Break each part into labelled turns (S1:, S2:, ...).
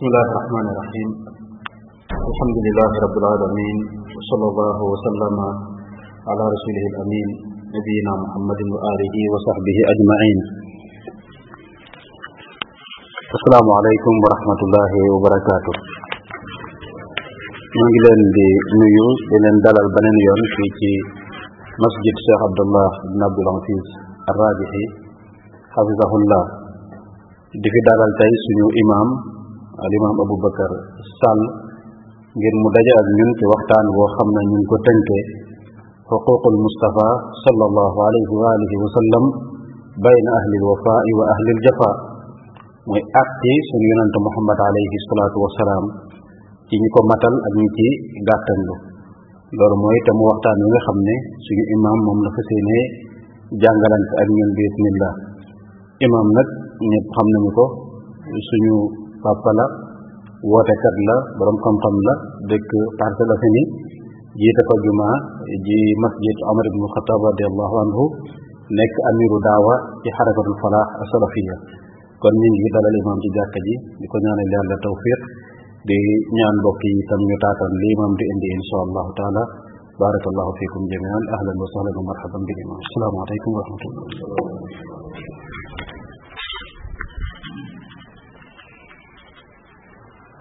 S1: bismillahi irrahmani irrahim alhamdulilahi rabilalamin wasala allahu wasallama ala rasulihi al amin nabiyina muhammadin wa alihi wa sahbihi ajmain asalaamu aleykum wa rahmatullahi wa barakatuh ñu ngi leen di nuyu di leen dalal beneen yoon fii ci masjid Cheikh Abdallah ibn Abdul Aziz Ar-Rajihi xafisahullah di fi dalal tey suñu imam alimaam Abu Bakar Sall ngir mu daje ak ñun ci waxtaan boo xam na ñu ko tënkee xuququl Mustafa sallallahu alayhi wa alihi wa sallam bayna ahlil wafaa'i wa ahlil jafaa muy àqi suñu yonante Muhammad alayhi salaatu wa ci ñi ko matal ak ñi ci gàttanlu loolu mooy te mu waxtaan wi nga xam ne suñu imaam moom la fas yéenee jàngalante ak ñun bismillah imaam nag ñëpp xam nañu ko suñu papa la wootekat la borom xam-xam la dëkk Parcelles Assainies jiite fa jumaa ji masjid Omar ibn Khattab radiallahu anhu nekk amiru daawa ci xarakatul falaax asalafiya kon ñu ngi dalal imam ci jàkka ji di ko ñaanal yàlla tawfiq di ñaan mbokk yi itam ñu taataan li imam di indi insha allahu taala barakallahu fikum jamian ahlan wa sahlan wa marhaban bil imam asalaamaaleykum wa rahmatullah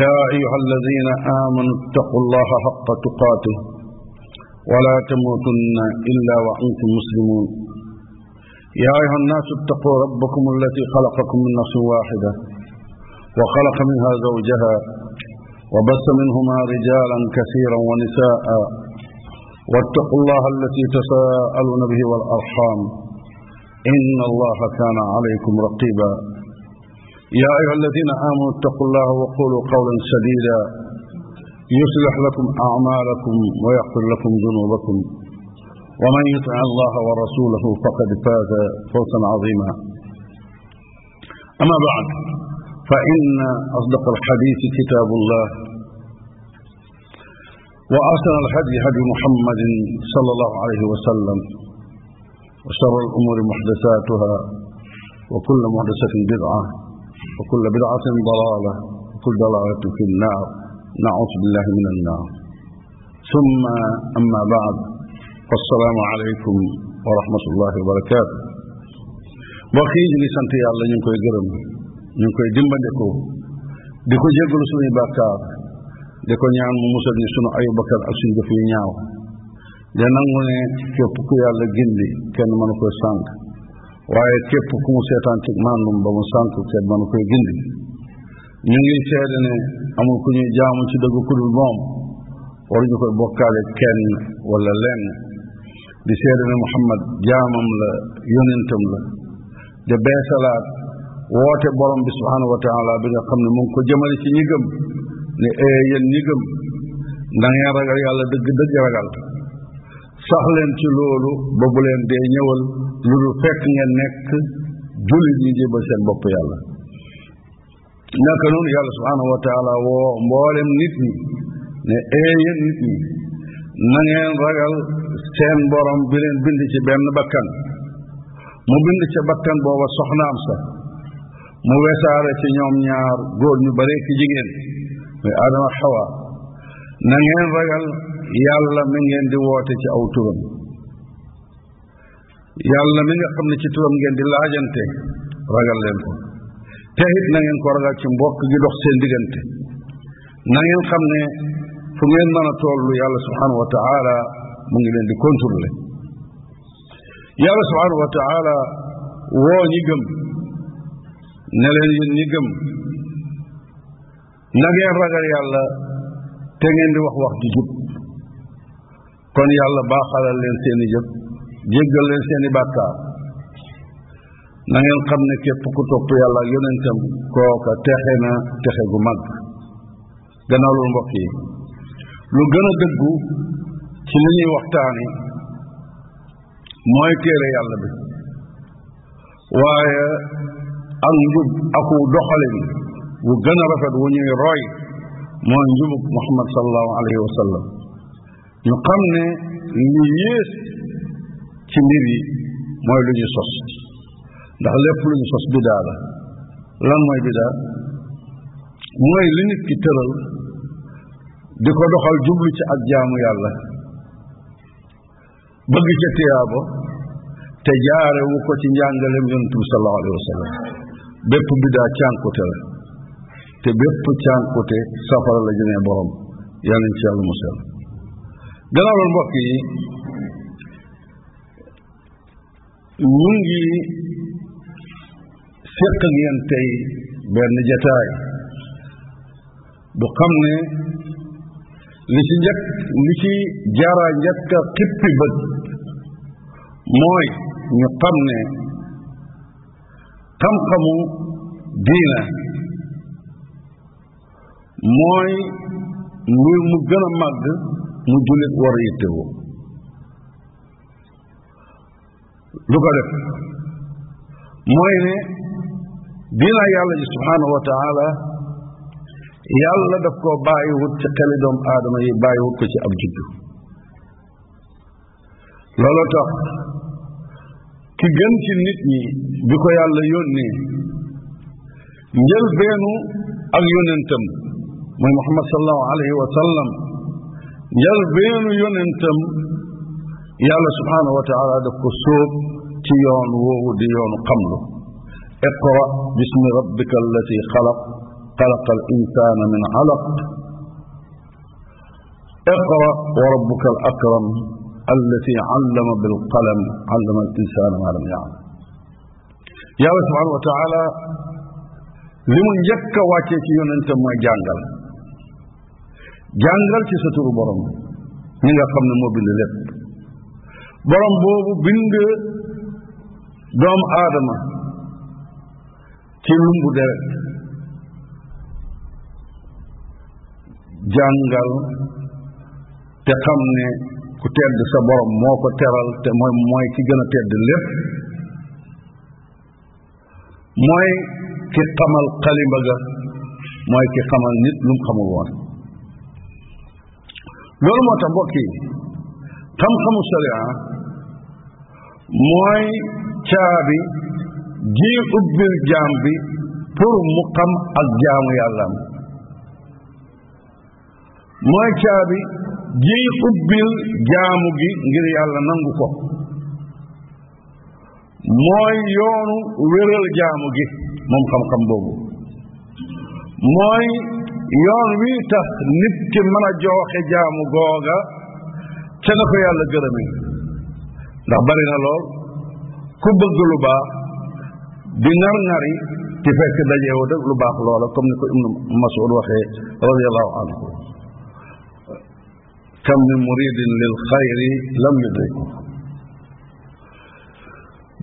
S2: يا أيها الذين آمنوا اتقوا الله حق تقاته ولا تموتن إلا وأنتم مسلمون يا أيها الناس اتقوا ربكم التي خلقكم من نفس واحدة وخلق منها زوجها وبث منهما رجالا كثيرا ونساء واتقوا الله التي تساءلون به والأرحام إن الله كان عليكم رقيبا يا أيها الذين آمنوا اتقوا الله وقولوا قولا سديدا يصلح لكم أعمالكم ويغفر لكم ذنوبكم ومن يطع الله ورسوله فقد فاز فوزا عظيما أما بعد فإن أصدق الحديث كتاب الله وأحسن الهدي هدي محمد صلى الله عليه وسلم وشر الأمور محدثاتها وكل محدثة بدعة wa kulla bidaatin dalaala wa kulla dalaalatin fi nnaar naudu billahi min annaar summa amma baad assalaamu aleykum wa rahmatullahi wa barakaatu mbokk yi ñu ngi sant yàlla ñu ngi koy gërëm ñu ngi koy dimbandeku di ko jéggalu suñuy bàkkaar di ko ñaan mu musal ñu sunu ayu bakkan ak suñu jëf yu ñaaw de nangu ne képp ku yàlla gindi kenn mënu koy sànq waaye képp ku mu seetaan ci màndum ba mu sànq te manu koy gindi ñu ngi seede ne amul ku ñu jaamu ci dëgg ku dul moom waruñu koy bokkaale kenn wala lenn di seede ne Muhammad jaamam la yonentam la de beesalaat woote borom bi subhaanahu wa taala bi nga xam ne mu ngi ko jëmale ci ñi gëm ne ee eh, yéen ñi gëm na ngeen ragal yàlla dëgg dëgg ragal sax leen ci loolu ba bu leen dee ñëwal lu dul fekk ngeen nekk jullit ñi jébal seen bopp yàlla naka noonu yàlla subhaanahu wa taala woo mboolem nit ñi ne eeye nit ñi na ngeen ragal seen borom bi leen bind ci benn bakkan mu bind ci bakkan booba soxnaam sa mu wesaare ci ñoom ñaar góor ñu bare ki jigéen muy aadama xawa na ngeen ragal yàlla mi ngeen di woote ci aw turam yàlla mi nga xam ne ci turam ngeen di laajante ragal leen ko te it na ngeen ko ragal ci mbokk gi dox seen diggante na ngeen xam ne fu ngeen mën a tollu yàlla subhanahu wa taala mu ngi leen di contrôler yàlla subhanahu wa taala woo ñi gëm ne leen yéen ñi gëm na ngeen ragal yàlla te ngeen di wax wax ju jub kon yàlla baaxalal leen seeni jëf jéggal leen seeni bàkkaar na ngeen xam ne képp ku topp yàlla ak yonentam kooka texe na texe gu mag gannaaw loolu yi lu gën a dëggu ci li ñuy waxtaani mooy téere yàlla bi waaye ak aku doxalin wu gën a rafet wu ñuy roy mooy njubug Muhammad sallallahu alayhi wa ñu xam ne lu yées ci mbir yi mooy lu ñu sos ndax lépp lu ñu sos bidaa la lan mooy bidaa mooy li nit ki tëral di ko doxal jublu ci ak jaamu yàlla bëgg ca tiyaabo te jaare wu ko ci njàngaleem yonent bi sallallahu alayhi wa sallam bépp bidaa cànkute la te bépp cànkute safara la jëmee borom yàlla nañ ci yàlla musal gannaaw loolu mbokk yi ñu ngi séq ngeen tey benn jataay bu xam ne li ci njëkk li ci jaaraa njëkk a xippi bët mooy ñu xam ne xam-xamu diina mooy mbir mu gën a màgg mu jullit war yittewoo lu ko def mooy ne diinaa yàlla ji subhaanahu wa taala yàlla daf koo bàyyiwut ci xeli doomu aadama yi bàyyiwut ko ci ab juddu loolu tax ki gën nit ñi bi ko yàlla yónnee njëlbeenu ak yónnentam mooy Muhammad sallallahu alayhi wa sallam njal beenu yonentam yàlla subhaanahu wa taala daf ko sóob ci yoon woowu di yoonu xamlu iqra bismi rabbika allati xalaq xalaqa al insaana min alaq iqra wa rabbuka al akram allati allama bil qalam allama al insaana ma lam yaalam yàlla subhaanahu wa taala li mu njëkk a wàccee ci yonentam mooy jàngal jàngal ci sa turu borom mi nga xam ne moo bind lépp borom boobu bind doomu aadama ci lumbu deret jàngal te xam ne ku tedd sa borom moo ko teral te mooy mooy ki gën a tedd lépp mooy ki xamal xalimba ga mooy ki xamal nit lu xamul woon loolu moo tax mbokk yi xam-xamu mooy caabi ji ubbil jaam bi pour mu xam ak jaamu yàllaam mooy caabi ji ubbil jaamu gi ngir yàlla nangu ko mooy yoonu wéral jaamu gi moom xam-xam boobu mooy yoon wii tax nit ki mën a jooxe jaamu googa ca na ko yàlla gërëme ndax bari na lool ku bëgg lu baax di nar nari ci fekk dajeewu def lu baax loola comme ni ko ibnu masud waxee radiallahu anhu kam min muridin lil xayri lam yudriku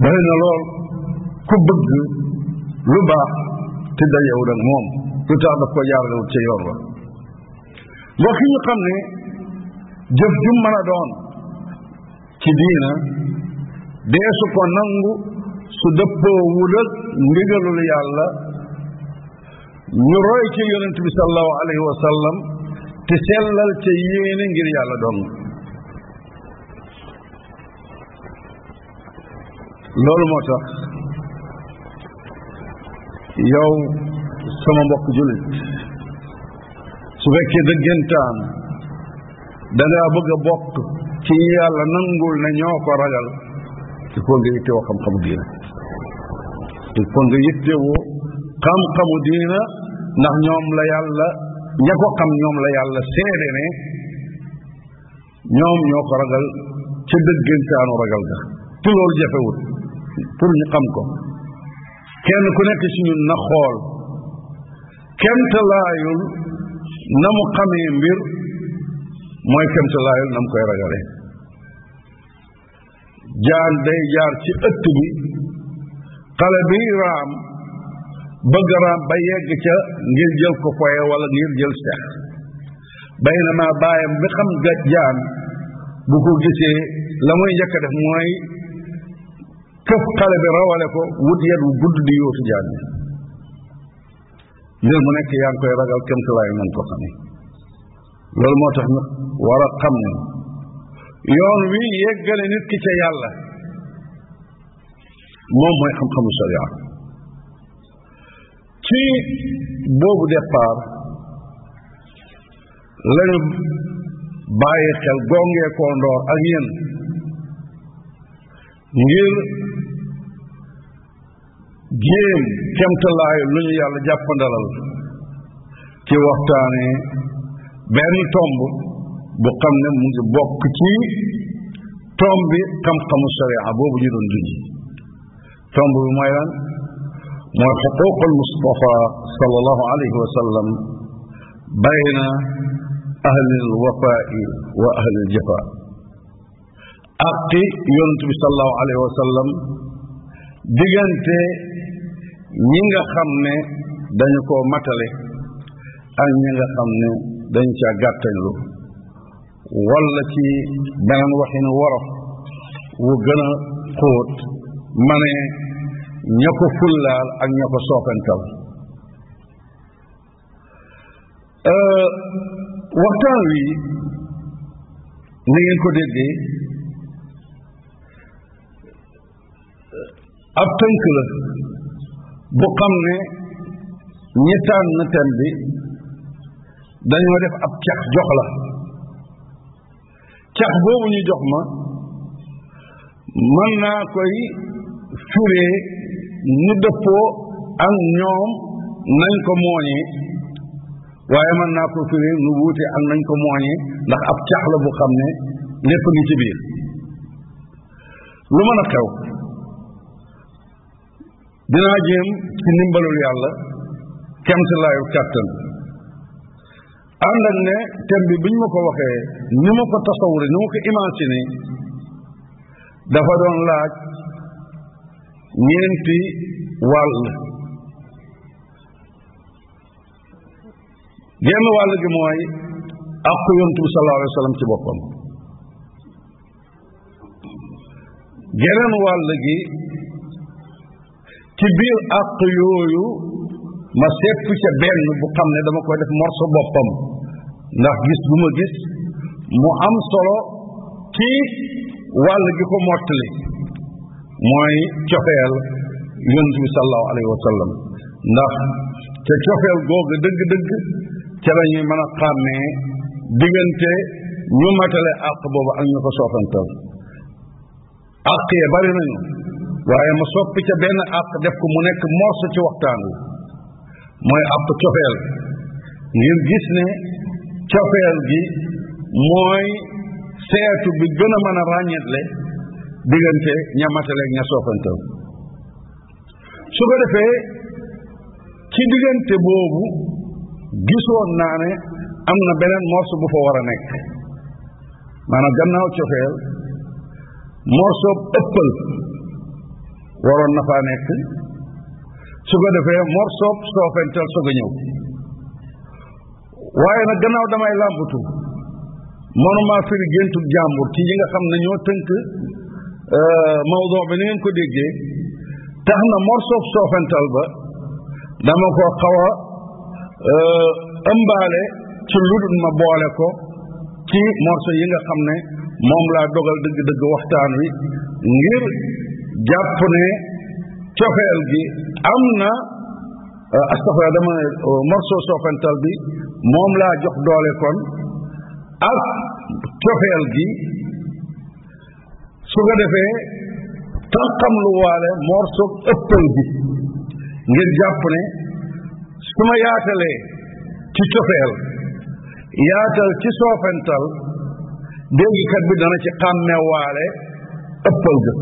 S2: bari na lool ku bëgg lu baax te dajeewu dag moom lu tax daf ko jaaralewut ca yoon wa mbokk yi ñu xam ne jëf jum mën doon ci diina deesu ko nangu su dëppoo wulal ndigalul yàlla ñu roy ci yonent bi sallallahu alayhi wa sallam te sellal ca yéene ngir yàlla doon loolu moo tax yow sama mbokk jullit su fekkee dëggantaan da ngaa bëgg a bokk ci yàlla nangul ne ñoo ko ragal il faut nga yittewoo xam-xamu diina il faut nga yittewoo xam diina ndax ñoom la yàlla ña ko xam ñoom la yàlla seede ne ñoom ñoo ko ragal ca dëggantaanu ragal ga te loolu jafewut pour ñu xam ko kenn ku nekk ci ñun na xool kemtalaayul na mu xamee mbir mooy kemtalaayul na mu koy ragale jaan day jaar ci ëtt bi xale bi raam bëgg raam ba yegg ca ngir jël ko foye wala ngir jël seex bay na maa baayam bi xam ga jaan bu ko gisee la muy njëkk a def mooy këf xale bi rawale ko wut yet wu gudd di yóotu jaan bi mbir mu nekk yaa ngi koy ragal kem tulaay nañ ko xamee loolu moo tax ñu war a xam ne yoon wi yeggale nit ki ca yàlla moom mooy xam-xamu sharia ci boobu départ lañu bàyyi xel gongee koo ndoor ak yéen ngir géem kemtalaayu lu ñu yàlla jàppandalal ci waxtaane benn tomb bu xam ne mu ngi bokk ci tomb bi xam-xamu sharia boobu ñu doon dunji tomb bi mooy lan mooy xuququl mustafa sallallahu alayhi wa sallam bayna ahlil wafaai wa ahlil jafa aqi yonent bi sallallahu alayhi wa sallam diggante ñi nga xam ne dañu ko matale ak ñi nga xam ne dañ caa gàttañlu wala ci beneen waxin worof wu gën xóot ma ne ña ko fullaal ak ña ko soofantal euh, waxtaan wi ni ngeen ko déggee ab tënk bu xam ne ñi tànn thème bi dañoo def ab cax jox la cax boobu ñu jox ma mën naa koy furee nu dëppoo ak ñoom nañ ko mooñee waaye mën naa ko furee nu wuute am nañ ko mooñee ndax ab cax la bu xam ne lépp ngi ci biir lu mën a xew dinaa jéem ci ndimbalul yàlla kemtilaayu kàttan ànd ne thème bi biñ ma ko waxee ni ma ko tasawuri ni ma ko imaginé dafa doon laaj ñeenti wàll genn wàll gi mooy àqu yontu bi sallallahu alayhi wa sallam ci boppam geneen wàll gi ci biir àq yooyu ma seetlu ca benn bu xam ne dama koy def morso boppam ndax gis bu ma gis mu am solo ci wàll gi ko mottali mooy cofeel yonent bi sallallahu alayhi wa ndax te cofeel googu dëgg-dëgg ca la ñuy mën a xàmmee diggante ñu matale àq boobu ak ñu ko soofantal àq ya bari nañu waaye ma soppi ca benn àq def ko mu nekk morso ci waxtaan mooy àq cofeel ngir gis ne cofeel gi mooy seetu bi gën a mën a ràññetle diggante ña matale ak ña soofantal su ko defee ci diggante boobu gisoon naa ne am na beneen morso bu fa war a nekk maanaam gannaaw cofeel morso ëppal waroon na faa nekk su ko defee mor soob soofental soog a ñëw waaye nag gannaaw damay làmbatu mënuma firi géntub jàmbur ci yi nga xam ne ñoo tënk euh, mawdo bi ni ko déggee tax na mor soof soofental ba dama ko xaw a euh, ëmbaale ci lu dul ma boole ko ci morso yi nga xam ne moom laa dogal dëgg-dëgg waxtaan wi ngir jàpp ne cofeel gi am na euh, astafra dama ne euh, morceau bi moom laa jox doole kon ak cofeel gi su ko defee tànqam lu waale morceau ëppal bi ngir jàpp ne su ma yaatalee ci cofeel yaatal ci soofantal déggkat bi dana ci xàmme waale ëppal ga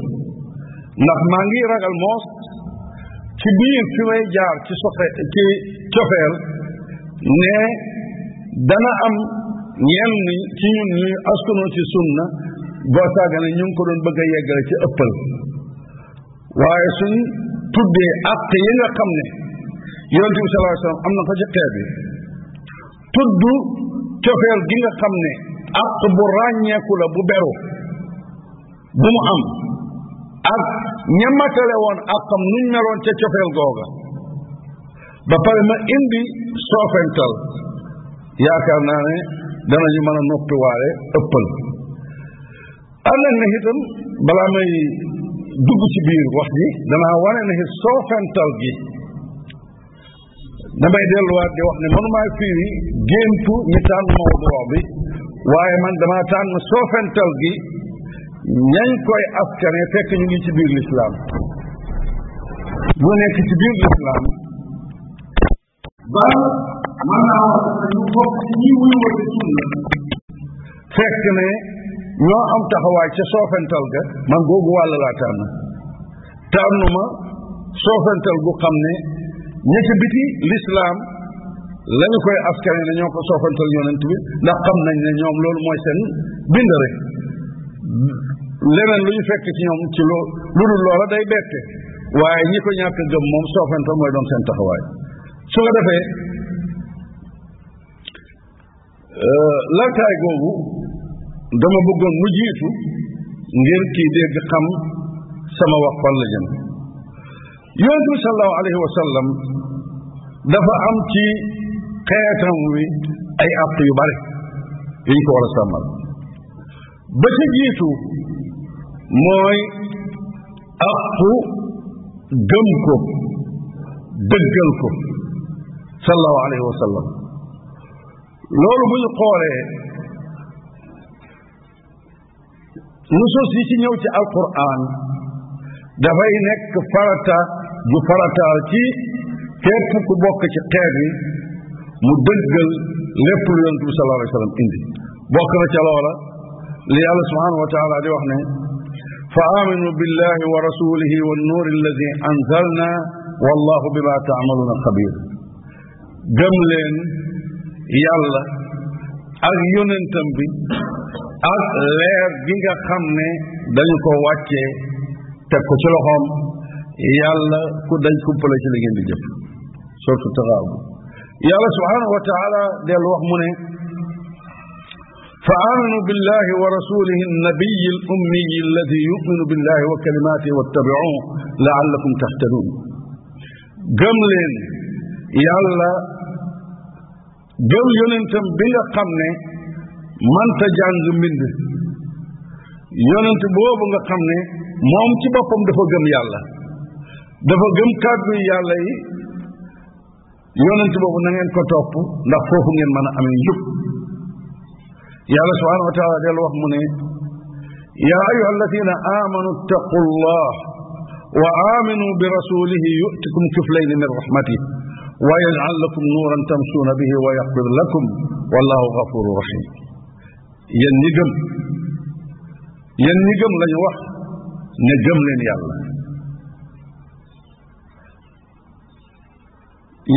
S2: ndax maa ngi ragal moos ci biir fi may jaar ci sofe ci cofeel ne dana am ñenn ci ñun ñuy askanoo ci sunna boo sàggane ñu ngi ko doon bëgg a yeggale ci ëppal waaye suñ tuddee àq yi nga ne yonente bi sallallahu alayhi wasallam am na ko ci xeet bi tudd cofeel gi nga xam ne àq bu ràññeeku la bu beru bu mu am ña matale woon àqam nuñ meloon ca cofeel googa ba pare ma indi soofental yaakaar naa ne danañu mën a noppi waale ëppal am na itam balaa may dugg ci biir wax bi danaa wane ne soofental gi damay delluwaat di wax ne mënumaa firi géntu ñi tànn mawdoo bi waaye man damaa tànn soofental gi ñañ koy askane fekk ñu ngi ci biir lislaam ñu nekk ci biir lislaam ba mën ci fekk ne ñoo am taxawaay ca soofental ga man googu wàll laa tànn tànnuma soofental gu xam ne ña ca biti lislaam lañu koy askane ne ñoo ko soofantal yonent bi ndax xam nañ ne ñoom loolu mooy seen bind rek leneen lu ñu fekk ci ñoom ci loo lu dul day bette waaye ñi ko ñàkk gëm moom soofantal mooy doon seen taxawaay su ko defee euh, laltaay googu dama bëggoon mu jiitu ngir kii dégg xam sama wax fan la jëm yonent bi sallallahu alayhi wa dafa am ci xeetam wi ay àq yu bari yu ñu ko war a sàmmal ba ca jiitu mooy aqu gëm ko dëggal ko sallallahu alayhi sallam loolu bu ñu xoolee nusus yi ci ñëw ci alquran dafay nekk farata ju farataal ci képp ku bokk ci xeet yi mu dëggal lépp lu yonent bi sallallahu alayhi sallam indi bokk na ca loola li yàlla subhanahu taala di wax ne fa aminu billahi wa rasulihi wa nuur alladi anzalna wallahu bima taamaluuna xabir gëm leen yàlla ak yonentam bi ak leer gi nga xam ne dañu ko wàccee teg ko ci loxoom yàlla ku dañ kumpale ci li ngeen di jëf surtout taxaabu yàlla subhaanahu wa taala dellu wax mu ne فآمنوا بالله ورسوله النبي الأمي الذي يؤمن بالله وكلماته واتبعوه لعلكم تهتدون gëm leen yàlla gëm yonentam bi nga xam ne mënta jàng mbind yonent boobu nga xam ne moom ci boppam dafa gëm yàlla dafa gëm kàddu yàlla yi yonent boobu na ngeen ko topp ndax foofu ngeen mën a amee yàlla subhanahu wa taala del wax mu ne yaa ayuha alladina amanu ittaqu llah wa aminu bi rasulihi yutikum kiflayni min rahmati wa yajcal lakum nuuran tamsuuna bihi wa yaxfir lakum wallahu gafuru rahim yéen ñi gëm yéen ñi gëm lañu wax ne gëm leen yàlla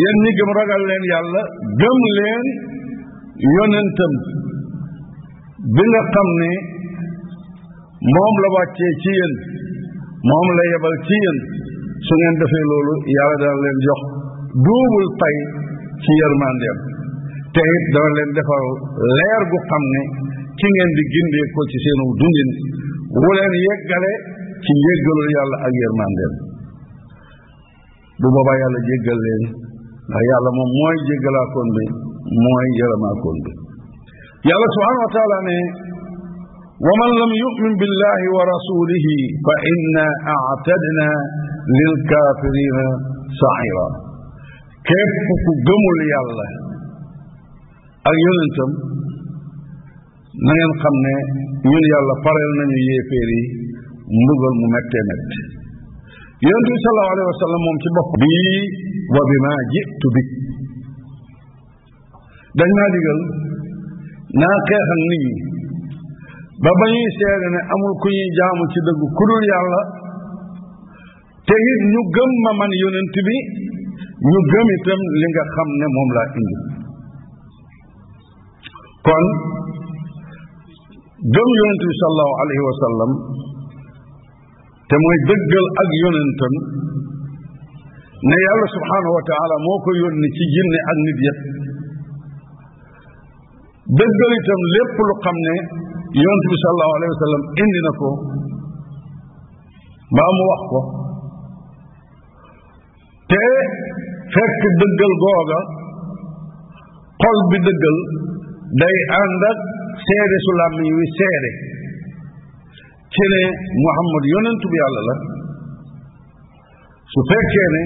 S2: yéen ñi gëm ragal leen yàlla gëm leen yonentam bi nga xam ni moom la wàccee ci yéen moom la yebal ci yéen su ngeen defee loolu yàlla dana leen jox duubul pay ci yërmandeem te it dana leen defal leer gu xam ne ci ngeen di gindee ko ci seenu dundin wu leen yeggale ci njéggalul yàlla ak yërmandeem bu boobaa yàlla jéggal leen yàlla moom mooy jéggalaakoon bi mooy yërëmaakoon bi yàlla subhanahu wa taala ne wa man lam yumin billahi wa rasulihi fa inna aatadna lil kafirina saira képp ku gëmul yàlla ak yonentam na ngeen xam ne ñun yàlla pareel nañu yéeféer yi mbugal mu méttee métt yonent bi sallallahu alayhi wa sallam moom ci bopp bi wa bima jitu bi dañ naa digal naa xeex ak nit ñi ba ba ñuy ne amul ku ñuy jaamu ci dëgg ku dul te it ñu gëm ma man yonent bi ñu gëm itam li nga xam ne moom laa indi kon gëm yonent bi sallallahu alayhi wa sallam te mooy dëggal ak yonentam ne yàlla subhaanahu wa taala moo ko yónni ci jinne ak nit yépp dëggal itam lépp lu xam ne yonent bi sallallahu alayhi wa sallam na ko mbaa mu wax ko te fekk dëggal googa xol bi dëggal day ànd ak seede su làmmiñ wi seede ci ne Muhammad yonentu bi yàlla la su fekkee ne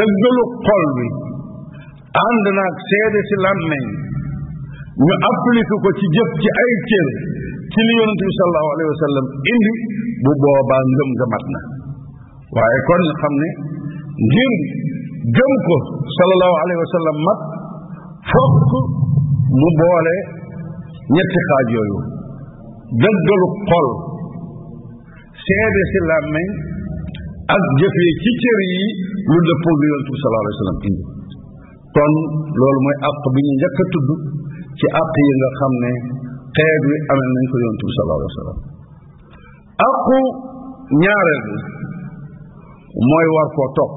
S2: dëggalu xol bi ànd na seede si làmmiñ ñu appliqué ko ci jëf ci ay cër ci li yonent bi sallallahu alayhi wa sallam indi bu boobaa ngëm nga mat na waaye kon xam ne ngir gëm ko sallallahu alayhi wa mat fokk mu boole ñetti xaaj yooyu dëggalu xol seede si làmmeñ ak jëfee ci cër yi lu dëppoo lu yonent bi sallallahu alayhi wa sallam indi kon loolu mooy àq bi ñu njëkk a tudd ci àq yi nga xam ne xeet wi amee nañ ko yontu bi sallallahu alayhi wa sallam àqu ñaareel bi mooy war koo topp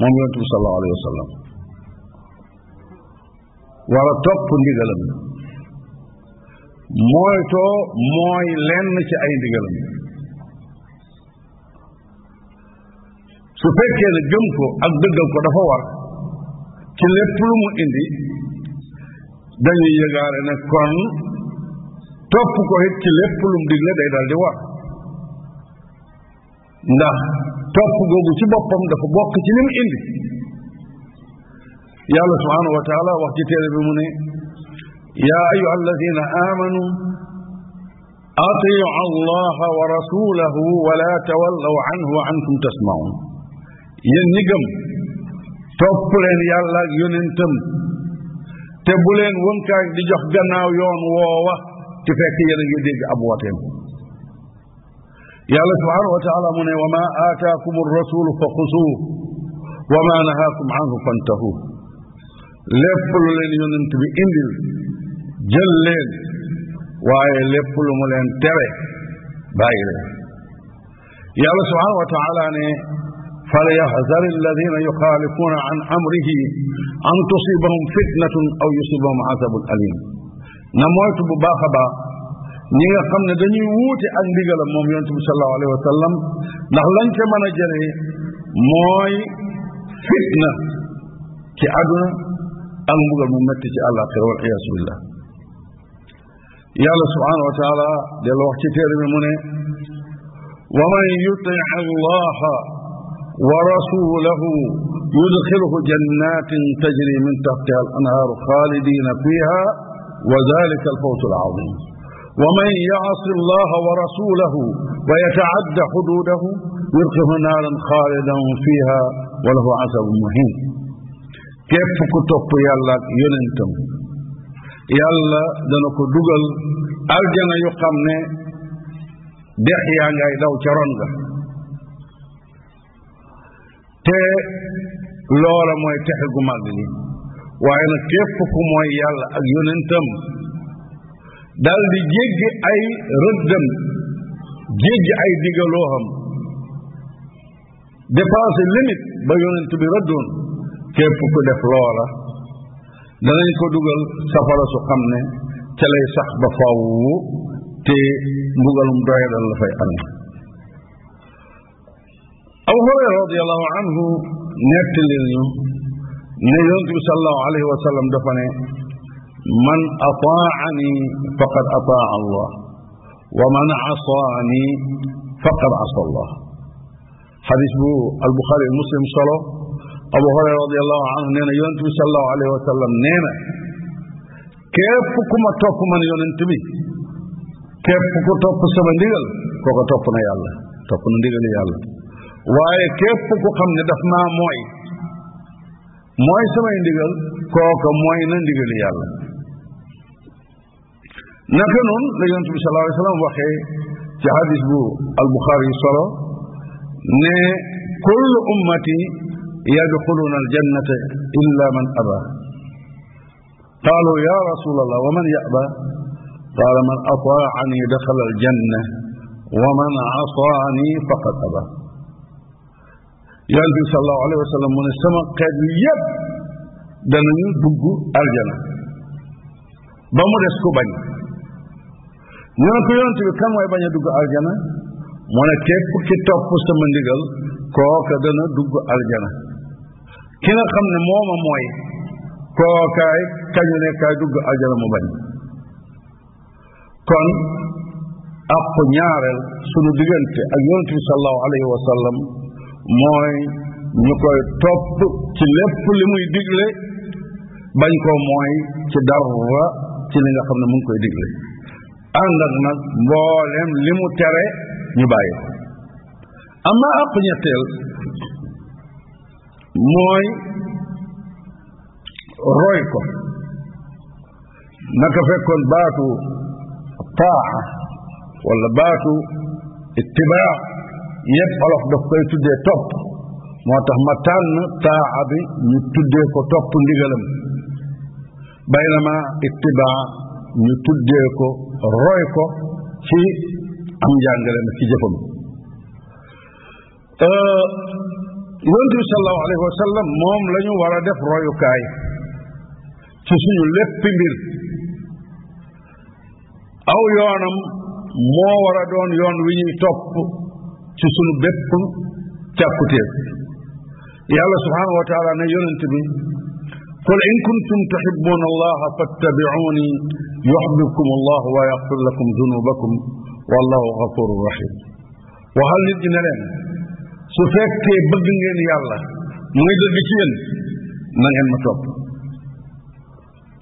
S2: moom yontu bi sallallahu alayhi wa sallam war a topp ndigalam mooytoo mooy lenn ci ay ndigalam su fekkee ne gëm ko ak dëggal ko dafa war ci lépp indi dañuy yëgaare ne kon topp ko it ci lépp lum digle day di war ndax topp googu ci boppam dafa bokk ci lim indi yàlla subhanahu wa taala wax ci téere bi mu ne yaa ayuha alladina wa rasulahu wala tawallaw wa antum tasmaun yéen ñi gëm topp leen yàlla ak yonentam te bu leen wënkaay di jox gannaaw yoon woowa te fekk yéen a ngi dégg ab wooteem yàlla subhanahu wa taala mu ne wa ma aataakum rasulu fa xusuu wa ma nahaakum anhu fantahu lépp lu leen yonent bi indil jël leen waaye lépp lu mu leen tere bàyyi leen yàlla subhanahu wa taala ne fal yaxzar alladina yuxaalifuuna an amrihi an tusibahum fitnatun aw yusibahum azabun alim na moytu bu baax a baax ñi nga xam ne dañuy wuute ak ndigalam moom yonent bi sallallahu alayhi wa sallam ndax lañ ca mën a jëlee mooy fitna ci àdduna ak mbugal mu metti ci àllaaxira wal iyaasu billah yàlla subhanahu wa taala delloo wax ci téere bi mu ne wa man yuti allaha wa rasulahu يدخله جنات تجري من تحتها الأنهار خالدين فيها وذلك الفوز العظيم ومن يعص الله ورسوله ويتعد حدوده يلقه نارا خالدا فيها وله عذاب مهين képp ku topp yàlla ak yonentam yàlla dana ko dugal aljana yu xam ne dex yaa ngay daw ca ron ga te loola mooy texe gu màgg gi na nag képp mooy yàlla ak yonentam dal di jéggi ay rëddam jéggi ay digalooxam dépassé limite ba yonent bi rëddoon képp def loola danañ ko dugal safara su xam ne ca lay sax ba fawwu te mbugalum doyadal la fay amee Abu Hurayra radiyallahu anhu nettalil ñu ne yonent bi salallahu alayhi wa sallam dafa ne man ataani faqad ataa allah wa man asaani faqad asa allah xadis bu albuxaari muslim solo abu hurayra radiallahu anhu nee na yonent bi salallahu alayhi wa sallam nee na képp ku ma topp man yonent bi képp ku topp sama ndigal kooko topp na yàlla topp na ndigali yàlla waaye képp ku xam ne daf maa mooy mooy samay ndigal kooka mooy na ndigali yàlla naka noonu la yonent bi sallallahu alayhi wasallam waxee ci xadis bu albuxaari yi solo ne kullu ummati yadxuluna aljannata illa man aba qaalu ya rasulallah wa man yaba qaala man ataani daxala aljanna wa man asaani faqad aba yonent bi sallallahu alayhi wa mu ne sama xeet yi yépp danañu dugg aljana ba mu des ku bañ ñu ne ko yonent bi kan mooy bañ a dugg aljana mu ne képp ki topp sama ndigal kooka dana dugg aljana ki nga xam ne mooma mooy kookaay kañu ne kaay dugg aljana mu bañ kon àpp ñaareel sunu diggante ak yonent bi sallallahu alayhi wa mooy ñu koy topp ci lépp li muy digle bañ koo mooy ci dara ci li nga xam ne mu ngi koy digle ànd ak nag mbooleem li mu tere ñu bàyyi ko amma àpp ñetteel mooy roy ko naka fekkoon baatu taaxa wala baatu ittibaa yépp olof daf koy tuddee topp moo tax ma tànn taaxa abi ñu tuddee ko topp ndigalam baynama ittibaa ñu tuddee ko roy ko ci am njàngalem ci jëfam euh, yonent bi sallallahu alayhi wa sallam moom lañu ñu war a def royukaay suñu léppi mbir aw yoonam moo wara doon yoon wi ñuy topp ci sunu bépp càkkutéef yàlla subhaanahu wa taala ne yonent bi qul in kuntum tuhibbuna allaha fattabi'uni yuhbibkum allah wa yaxfir lakum dunubakum wallahu gafurun rahim waxal nit ñi ne leen su fekkee bëgg ngeen yàlla muy dëgg ci yéen na ngeen ma topp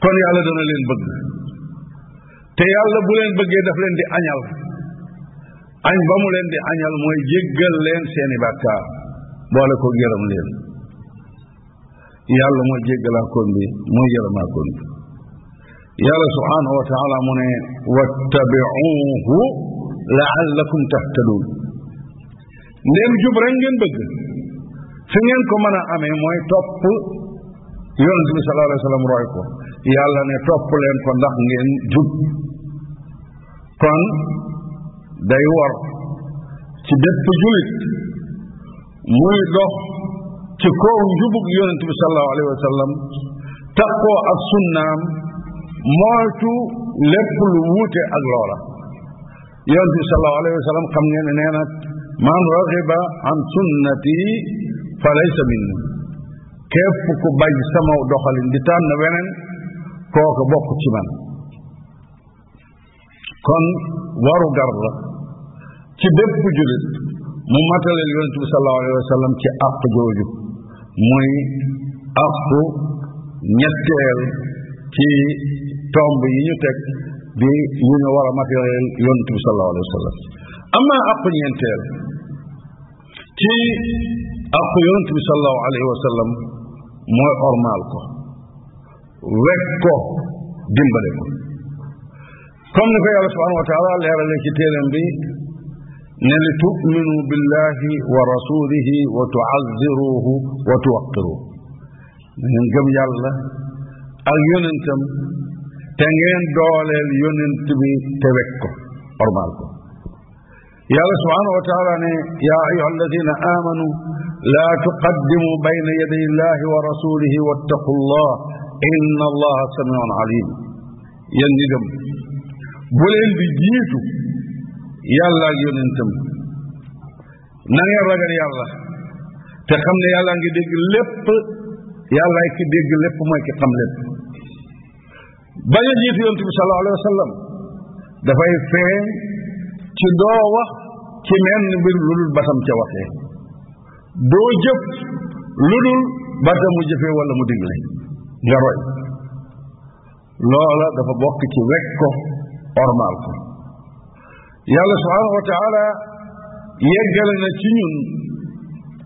S2: kon yàlla dana leen bëgg te yàlla bu leen bëggee daf leen di añal añ ba mu leen di añal mooy jéggal leen seeni bàkkaar boole ko gërëm leen yàlla mooy jéggalaa kon bi mooy yërëmaa kon bi la subhaanahu wa taala mu ne wattabiuuhu laallakum tahtaduun ndéem jub rek ngeen bëgg fi ngeen ko mën a amee mooy topp yonent bi sallallahu alayhi wa sallam roy ko yàlla ne topp leen ko ndax ngeen jub kon day war ci bépp julit muy dox ci kaw njubug yonent bi sallallahu alayhi wa taqoo ak sunnaam moytu lépp lu wuute ak loola yonent bi sallallahu alayhi wa sallam ngeen ne nee na man raxiba an sunnati fa laysa minni képp ku bañ sama doxalin di tànn weneen kon waru gar la ci bépp jullit mu matale yonent bi sallallahu alayhi wa sallam ci àq gooju muy àqu ñetteel ci tomb yi ñu teg di yu ñu war a matale yonent bi sallallahu alayhi wa sallam amma àqu ñeenteel ci àqu yonent bi sallallahu alayhi wa sallam mooy ormaal ko wekk ko ni ko yàlla subhanahu wa taala leerale ci bi ne li tuminu billahi wa rasulihi wa tuazziruhu wa tuwaqiruhu na ngeen gëm yàlla ak yonentam te ngeen dooleel yonent bi te wek ko ormaal ko yàlla subhanahu wa taala ne yaa ayuha alladina amanu laa tuqaddimu bayna yaday illahi wa rasulihi wattaqu llah inna allaha samiun alim yéen ñi gëm bu leen di jiitu yàlla ak yonentam na ngeen ragal yàlla te xam ne ngi dégg lépp yàllaay ki dégg lépp mooy ki xam lépp bañ a jiitu yonent bi sallallahu alayhi wa sallam dafay feeñ ci doo wax ci menn mbir lu dul batam ca waxee doo jëf lu dul batamu jëfee wala mu digle nga roy loola dafa bokk ci wekk ormaal ko yàlla subhaanahu wa taala yeggale na ci ñun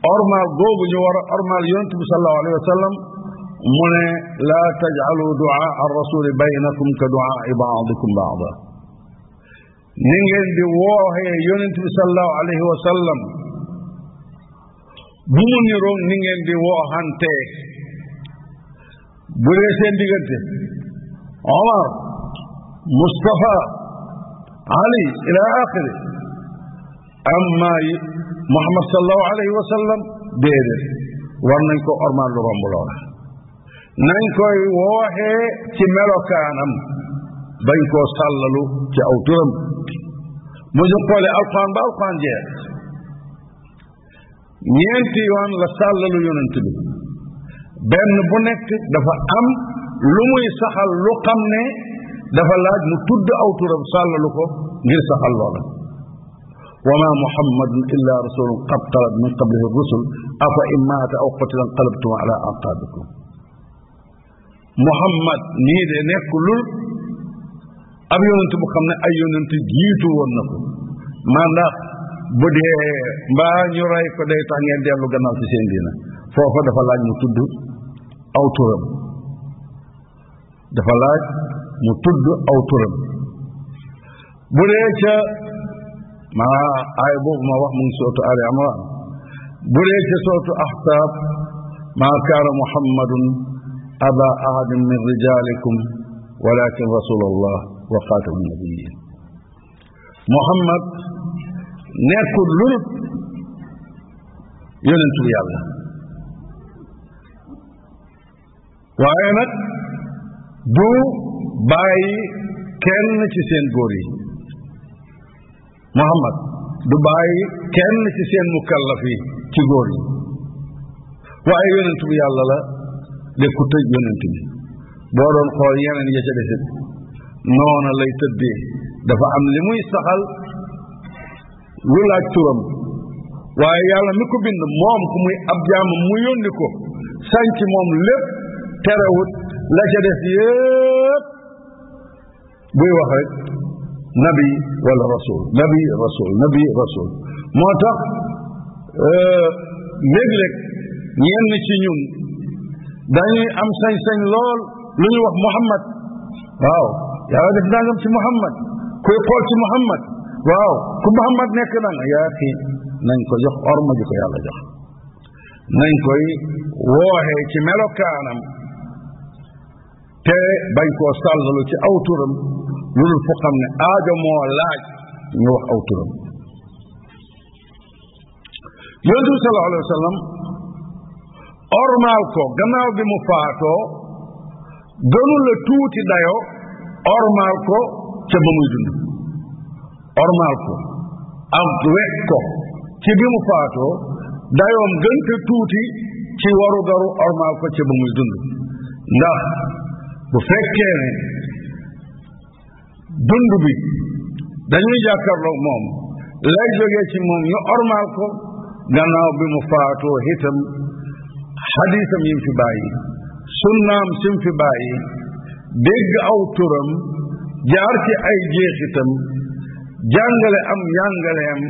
S2: ormaal googu ñu war a ormaal yonent bi sallallahu alayhi wa sallam mu ne laa tajcalu ducaa arrasuli baynakum ka ducaai baadikum baada ni ngeen di wooxee yonent bi sallallahu alayhi wa sallam bu mu niroog ni ngeen di wooxantee bu dee seen diggante Omar Mustafa ali ila axiri amma muhammad sallallahu alayhi wa sallam war nañ ko ormaal lu romb loola nañ koy wooxee ci melokaanam bañ koo sàllalu ci aw turam mu ñu xoolee alquran ba alquran jeex ñeenti yoon la sàllalu yonent bi benn bu nekk dafa am lu muy saxal lu xam ne dafa laaj mu tudd aw turam sàllalu ko ngir saxal loola wa ma muhammadun illa rasulun qad xalat min qablihi rusul afa in maata aw qutilan qalabtum ala aqabikum muhammad nii de nekk lul ab yonent bu xam ne ay yonent jiitu woon na ko maa ndax bu dee mbaa ñu rey ko day tax ngeen dellu gannaaw ci seen diina foofa dafa laaj mu tudd aw turam dafa laaj mu tudd aw turam bu dee ca ma aay boobu ma wax mu ngi sootu Ali Imran bu dee ca sootu Ahzab ma kaana muhammadun aba ahadin min rijalikum walakin rasulallah wa xaatamu nabiyin muhammad nekkul lulut yonentu yàlla waaye nag du bàyyi kenn ci seen góor yi Muhammad du bàyyi kenn ci seen mukallaf yi ci góor yi waaye yonent bu yàlla la de ku tëj yonent bi boo doon xool yeneen ya ca desit noona lay tëddee dafa am li muy saxal lu laaj turam waaye yàlla mi ko bind moom ku muy ab jaamam mu yónni ko moom lépp terewut la ca des yépp buy wax rek nabi wala rasul nabi rasul nabi rasul moo tax euh, léeg-léeg ñenn ci ñun dañuy am sañ-sañ lool lu ñuy wax muhammad waaw yàlla def nangam ci muhammad kuy xool ci muhammad waaw ku muhammad nekk nang yaa xi nañ ko jox orma ji ko yàlla jox nañ koy wooxee ci melokaanam te bañ koo sàllalu ci aw turam lu fu xam ne aajo moo laaj ñu wax aw turam yonent bi sallallahu alayhi ormaal ko gannaaw bi mu faatoo gënu la tuuti dayo ormaal ko ca ba muy dund ormaal ko ak wekk ko ci bi mu faatoo dayoom gën tuuti ci waru ormaal ko ca ba muy dund ndax bu fekkee ne dund bi dañuy jàkkaarloog moom lay jógee ci moom yu ormaal ko gannaaw bi mu faatoo itam xadiisam yim fi bàyyi sunnaam sim fi bàyyi dégg aw turam jaar ci ay jeexitam jàngale am njàngaleem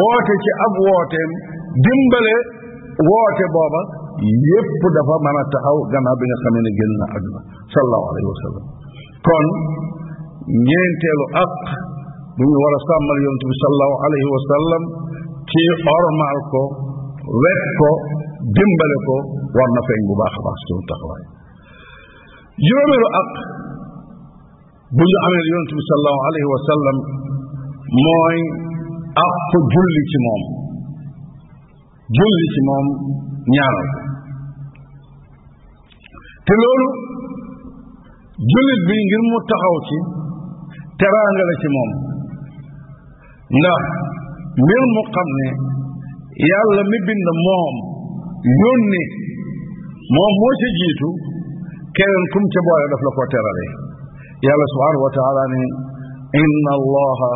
S2: woote ci ab wooteem dimbale woote booba yépp dafa mën a taxaw gannaaw bi nga xamee ne génn na àdduna sallallahu alayhi wa sallam kon ñeenteelu ak bu ñu war a sàmmal yonent bi sallallahu ci ormaal ko wet ko feeñ bu baax a baax suñu taxawaay juróomeelu ak bu ñu amee yonent bi sallallahu alayhi wa sallam mooy julli ci moom julli ci moom ñaaral te loolu jullit bi ngir mu taxaw ci teraanga la ci moom ndax mbir mu xam ne yàlla mi bind moom yónni moom moo ca jiitu keneen kum ca boole daf la ko terale yàlla subhanahu wa taala ne inna allaha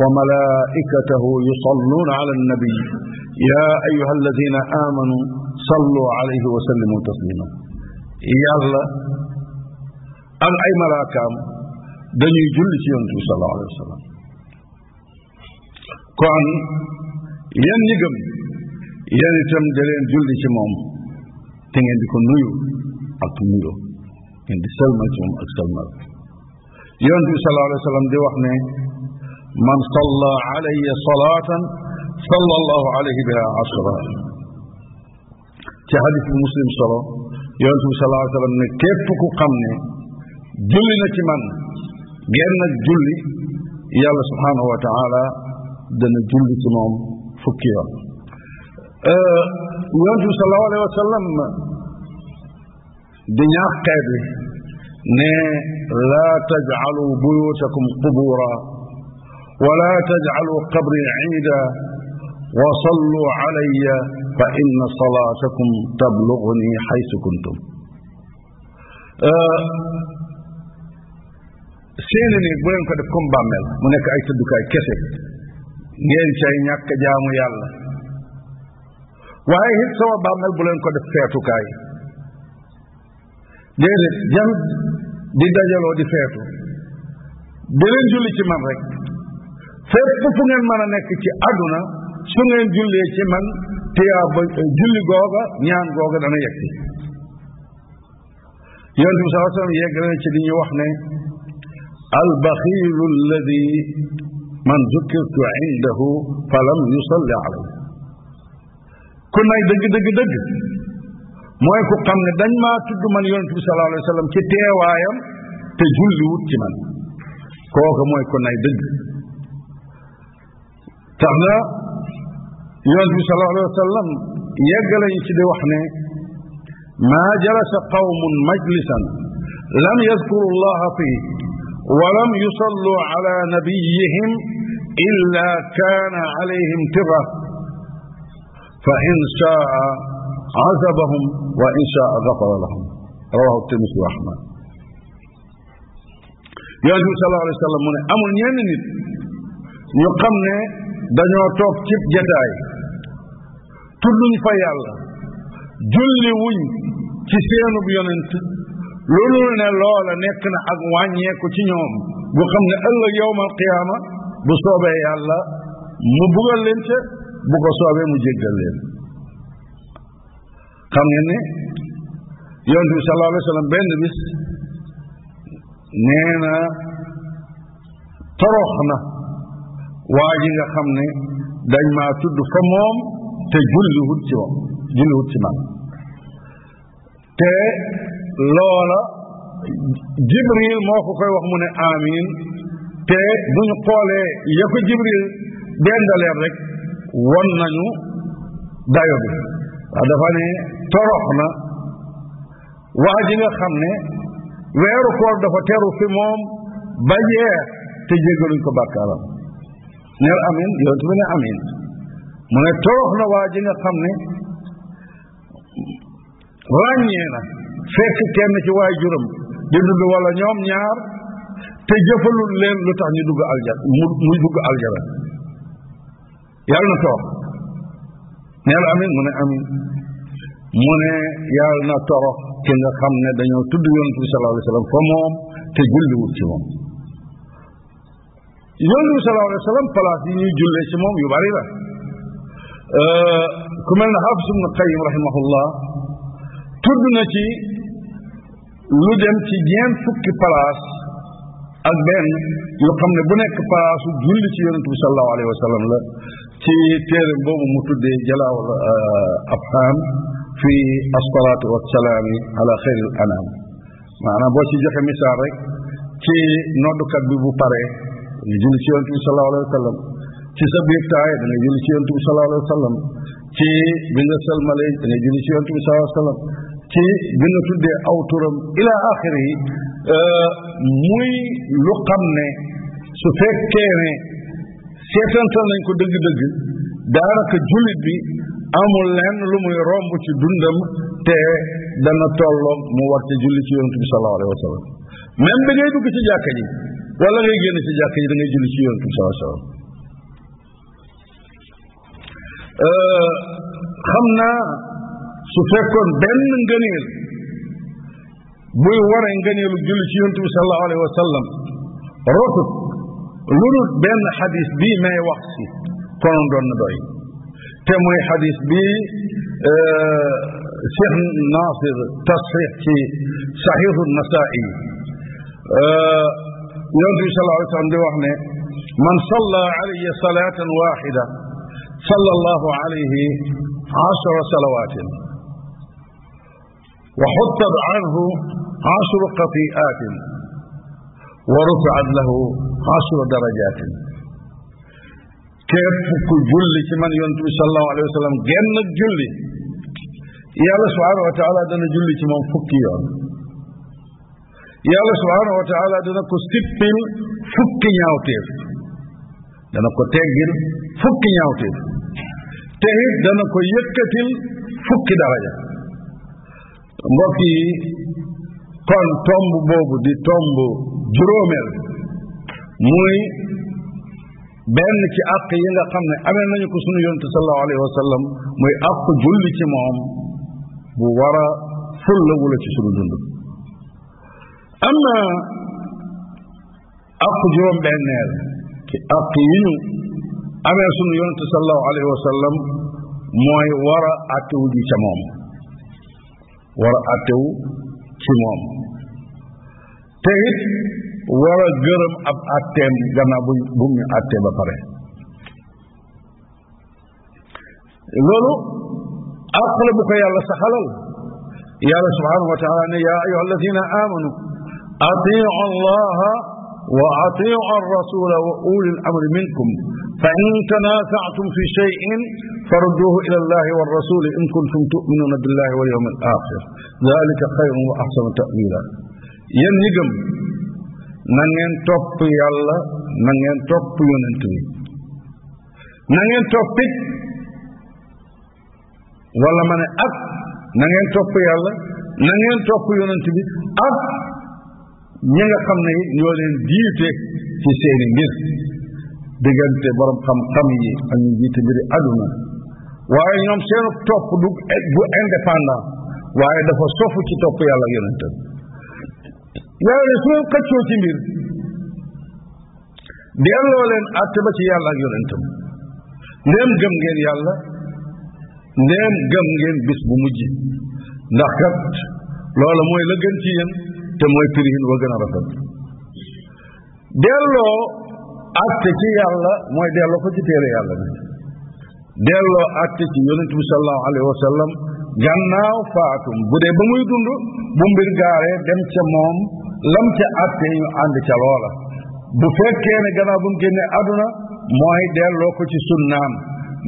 S2: wa malaikatahu yusalluuna ala annabi ya ayuha alladina amanu sallu alayhi wa sallimu taslima yàlla ak ay malaakaam dañuy julli ci yonent bi sallallahu alayhi wa sallam kon yéen ñi gëm yéen itam da leen julli ci moom te ngeen di ko nuyu ak nuyu ngeen di salmal ci moom ak salmal yonent bi sallallahu alayhi wa sallam di wax ne man salla alayya salaatan salla allahu alayhi biha ashra ci xadis bu muslim solo yonent bi sallallahu alayhi wa sallam ne képp ku xam ne julli na ci man genn ak julli yàlla subhaanahu wa taala dana julli ci moom fukki yoon euh, yonent bi sallallahu alayhi wa sallam di ñaax xeet bi ne laa tajcalu buyutakum qubura wala tajcalu qabri ciida wa sallu calaya fa inna salaatakum tabluguni xaysu kuntum eh, seeni néeg bu leen ko def comme bàmmeel mu nekk ay tëddukaay kese ngeen cay ñàkk jaamu yàlla waaye it sama bàmmeel bu leen ko def feetukaay déedéet jarut di dajaloo di feetu di leen julli ci man rek fépp fu ngeen mën a nekk ci àdduna su ngeen jullee ci man tiyaa ba julli googa ñaan googa dana yegg si yonent bi saa sallam ci li ñu wax ne albaxilu alladi man zukirtu indahu falam yusalli alayhi ku nay dëgg dëgg dëgg mooy ku xam ne dañ maa tudd man yonent bi sallallahu ci teewaayam te julli wut ci man kooka mooy ku nay dëgg tax na yonent bi sallallahu alayhi wa sallam yeggalañu ci di wax ne maa jalasa qawmun majlisan lam yadkuru llaha fii wa lam yusallu ala nabiyihim illa kaana alayhim tira fa in shaa azabahum wa in shaa gafara lahum rawahu tirmisi wa ahmad yonent bi sallallahu alayhi wa sallam mu ne amul ñenn nit ñu xam ne dañoo toog cib jataay tudduñ fa yàlla julli wuñ ci seenub yonent loolu ne loola nekk na ak wàññeeku ci ñoom bu xam ne ëllëg yowmal qiyaama bu soobee yàlla mu bugal leen ca soobee mu jéggal leen xam ngeen ne bi sallallahu alayhi wa sallam benn bis nee na torox xam ne dañ maa tudd fa moom te julliwut ci moom ci man te loola jibril moo ko koy wax mu ne amin te buñ ñu xoolee ya ko jibril dendaleer rek won nañu dayo bi waaw dafa ne torox na waa ji nga xam ne weeru koor dafa teru fi moom ba jeex te jéggaluñ ko bàkkaaram neel amin yonent ne amin mu ne torox na waa ji nga xam ne ràññee na fekk kenn ci waay juram di dund wala ñoom ñaar te jëfalul leen lu tax ñu dugg aljana mu mu dugg aljana na torox neel amin mu ne amin mu ne yàlla na torox ki nga xam ne dañoo tudd yonent bi sallallahu alayhi wa sallam fa moom te julliwul ci moom yi ñuy ci moom yu bari la ku mel ne xaafis ibnu qayim rahimahullah tudd na ci lu dem ci ñeent fukki place ak benn yoo xam ne bu nekk palaasu julli ci yonent bi sallallahu alayhi wa sallam la ci téere boobu mu tuddee jalaaw euh, abxaam fi asalaatu wasalaami ala xeyril anaam maanaam boo ci joxe misaal rek ci noddukat bi bu paree julli ci yonent bi sallallahu alayhi wa sallam ci sa biir taay da ngay julli ci yonent bi sallallahu alayhi wa ci bi nga salmale da ngay julli ci yonent bi tuddee aw turam ila euh, muy lu xam ne su fekkee ne seetantal nañ ko dëgg-dëgg daanaka jullit bi amul lenn lu muy romb ci dundam te dana tolloog mu war ci julli ci yonent bi sallallahu alayhi wa bi ngay dugg ci jàkka ji wala ngay génn ci jàkka ji da julli ci yonent bi sallallahu alayhi wa Euh, xam naa su fekkoon benn ngëneel buy ware ngëneelu julli ci yonent bi sallallahu alayhi wa sallam rotut lu dul benn xadis bii may wax si konoon doon na doy te muy xadis bii euh, Cheikh Nasir tasxiix ci saxiixu Nasaa'i euh, yonent bi sallallahu alayhi wa sallam di wax ne man salla alayya salaatan waaxida صلى الله عليه عشر سنوات وحطت عنه عشر خطيئات ورفعت له عشر درجات képp ku julli ci man yonent bi sallallahu alayhi wa sallam genn julli yàlla subhanahu wa taala dana julli ci moom fukki yoon yàlla subhanahu wa taala dana ko sippil fukki ñaawteef dana ko teggil fukki ñaawteef te it dana ko yëkkatil fukki daraja mbokk yi kon tomb boobu di tomb juróomeel muy benn ci àq yi nga xam ne amee nañu ko sunu yonte sallallahu alayhi wa muy àq julli ci moom bu war a fulla wula ci sunu dund am na àq juróom benneel ci àq yi ñu amee sunu yonente sallallahu alayhi wa sallam mooy war a àttewu ji ca moom war a àttewu ci moom te it war a gërëm ab àtteem gannaaw bu bu ñu àttee ba pare loolu àq la bu ko yàlla saxalal yàlla subhanahu wa taala ne yaa ayuha alladina amanu atiu allaha wa atiu arrasula wa ulil amri minkum فإن تنازعتم في شيء فردوه إلى الله والرسول إن كنتم تؤمنون بالله واليوم الآخر ذلك خير وأحسن تأويلا yéen ñi gëm na ngeen topp yàlla na ngeen topp yonent bi na ngeen topp it wala ma ne ak na ngeen topp yàlla na ngeen topp yonent bi ak ñi nga xam ne ñoo leen jiite ci seeni mbir diggante borom xam-xam yi ak ñu jiite mbiri àdduna waaye ñoom seenu topp du bu e- indépendant waaye dafa sofu ci topp yàlla ak yonentam yàlla ne su leen xëccoo ci mbir delloo leen àtte ci yàlla ak yonentam ndéem gëm ngeen yàlla ndéem gëm ngeen bis bu mujj ndax kat loola mooy la gën ci yéen te mooy pirihin wa gën a rafet delloo atte ci yàlla mooy delloo ko ci téere yàlla bi delloo atte ci yonent bi sallallahu wa sallam gannaaw faatum bu ba muy dund bu mbir gaaree dem ca moom lam ca atte ñu ànd ca loola bu fekkee ne gannaaw bu mu génne àdduna mooy delloo ko ci sunnaam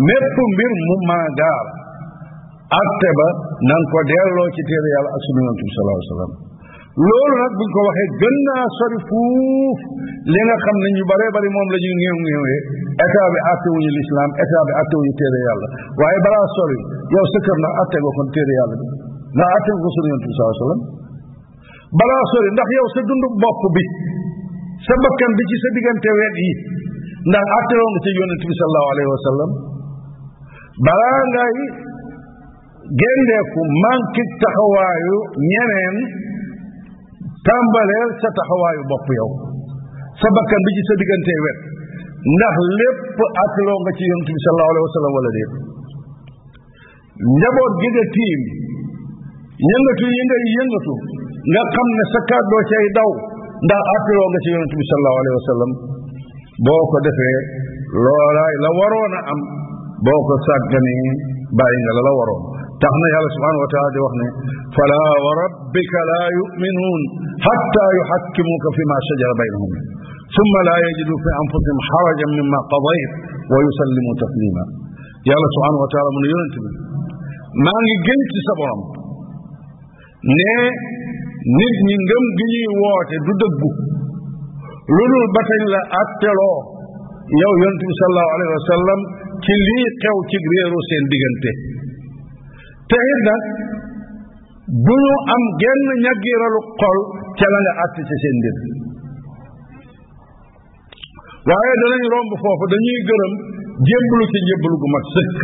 S2: mépp mbir mu mën a gaar atte ba nan ko delloo ci téere yàlla ak sunna yonent bi wa sallam loolu nag buñ ko waxee gën naa sori fuuf li nga xam ne ñu baree bari moom la ñuy ñëw ñëwee état bi attewuñu lislaam état bi attewuñu téere yàlla waaye balaa sori yow sa kër ndax atte nga kon téere yàlla bi ndax atte nga ko sunu yonent bi saa sallam balaa sori ndax yow sa dundu bopp bi sa bakkan bi ci sa diggante weet yi ndax attewoo nga ci yonent bi sallallahu alayhi wa sallam balaa ngay géndeeku manque taxawaayu ñeneen tàmbaleel sa taxawaayu bopp yow sa bakkan bi ci sa diggantee wet ndax lépp ak loo nga ci yonent bi sallallahu wa sallam wala déet njaboot gi nga tiim yëngatu yi ngay yëngatu nga xam ne sa kàddoo cay daw ndax attiroo nga ci yonent bi sallallahu alayhi wa sallam boo ko defee loolaay la waroon am boo ko sàgganee bàyyi nga la la waroon tax na yàlla subhanahu wa taala di wax ne fala wa rabbika la yuminuun xatta yuxakkimuuka fi ma shajara baynahum summa la yajidu fi anfusihim xarajan mimma qadayt wa yusallimu taslima yàlla subhanahu wa taala mu ne yonent bi maa ngi gën ci sa borom ne nit ñi ngëm gi ñuy woote du dëggu lu dul ba tañ la atteloo yow yonent bi sallallahu alayhi wa sallam ci lii xew ci réeru seen diggante te it nag bu ñu am genn ñaggiralu xol ca la nga àtt ci seen mbir waaye danañ romb foofu dañuy gërëm jébbalu ci njébbalu gu mat sëkk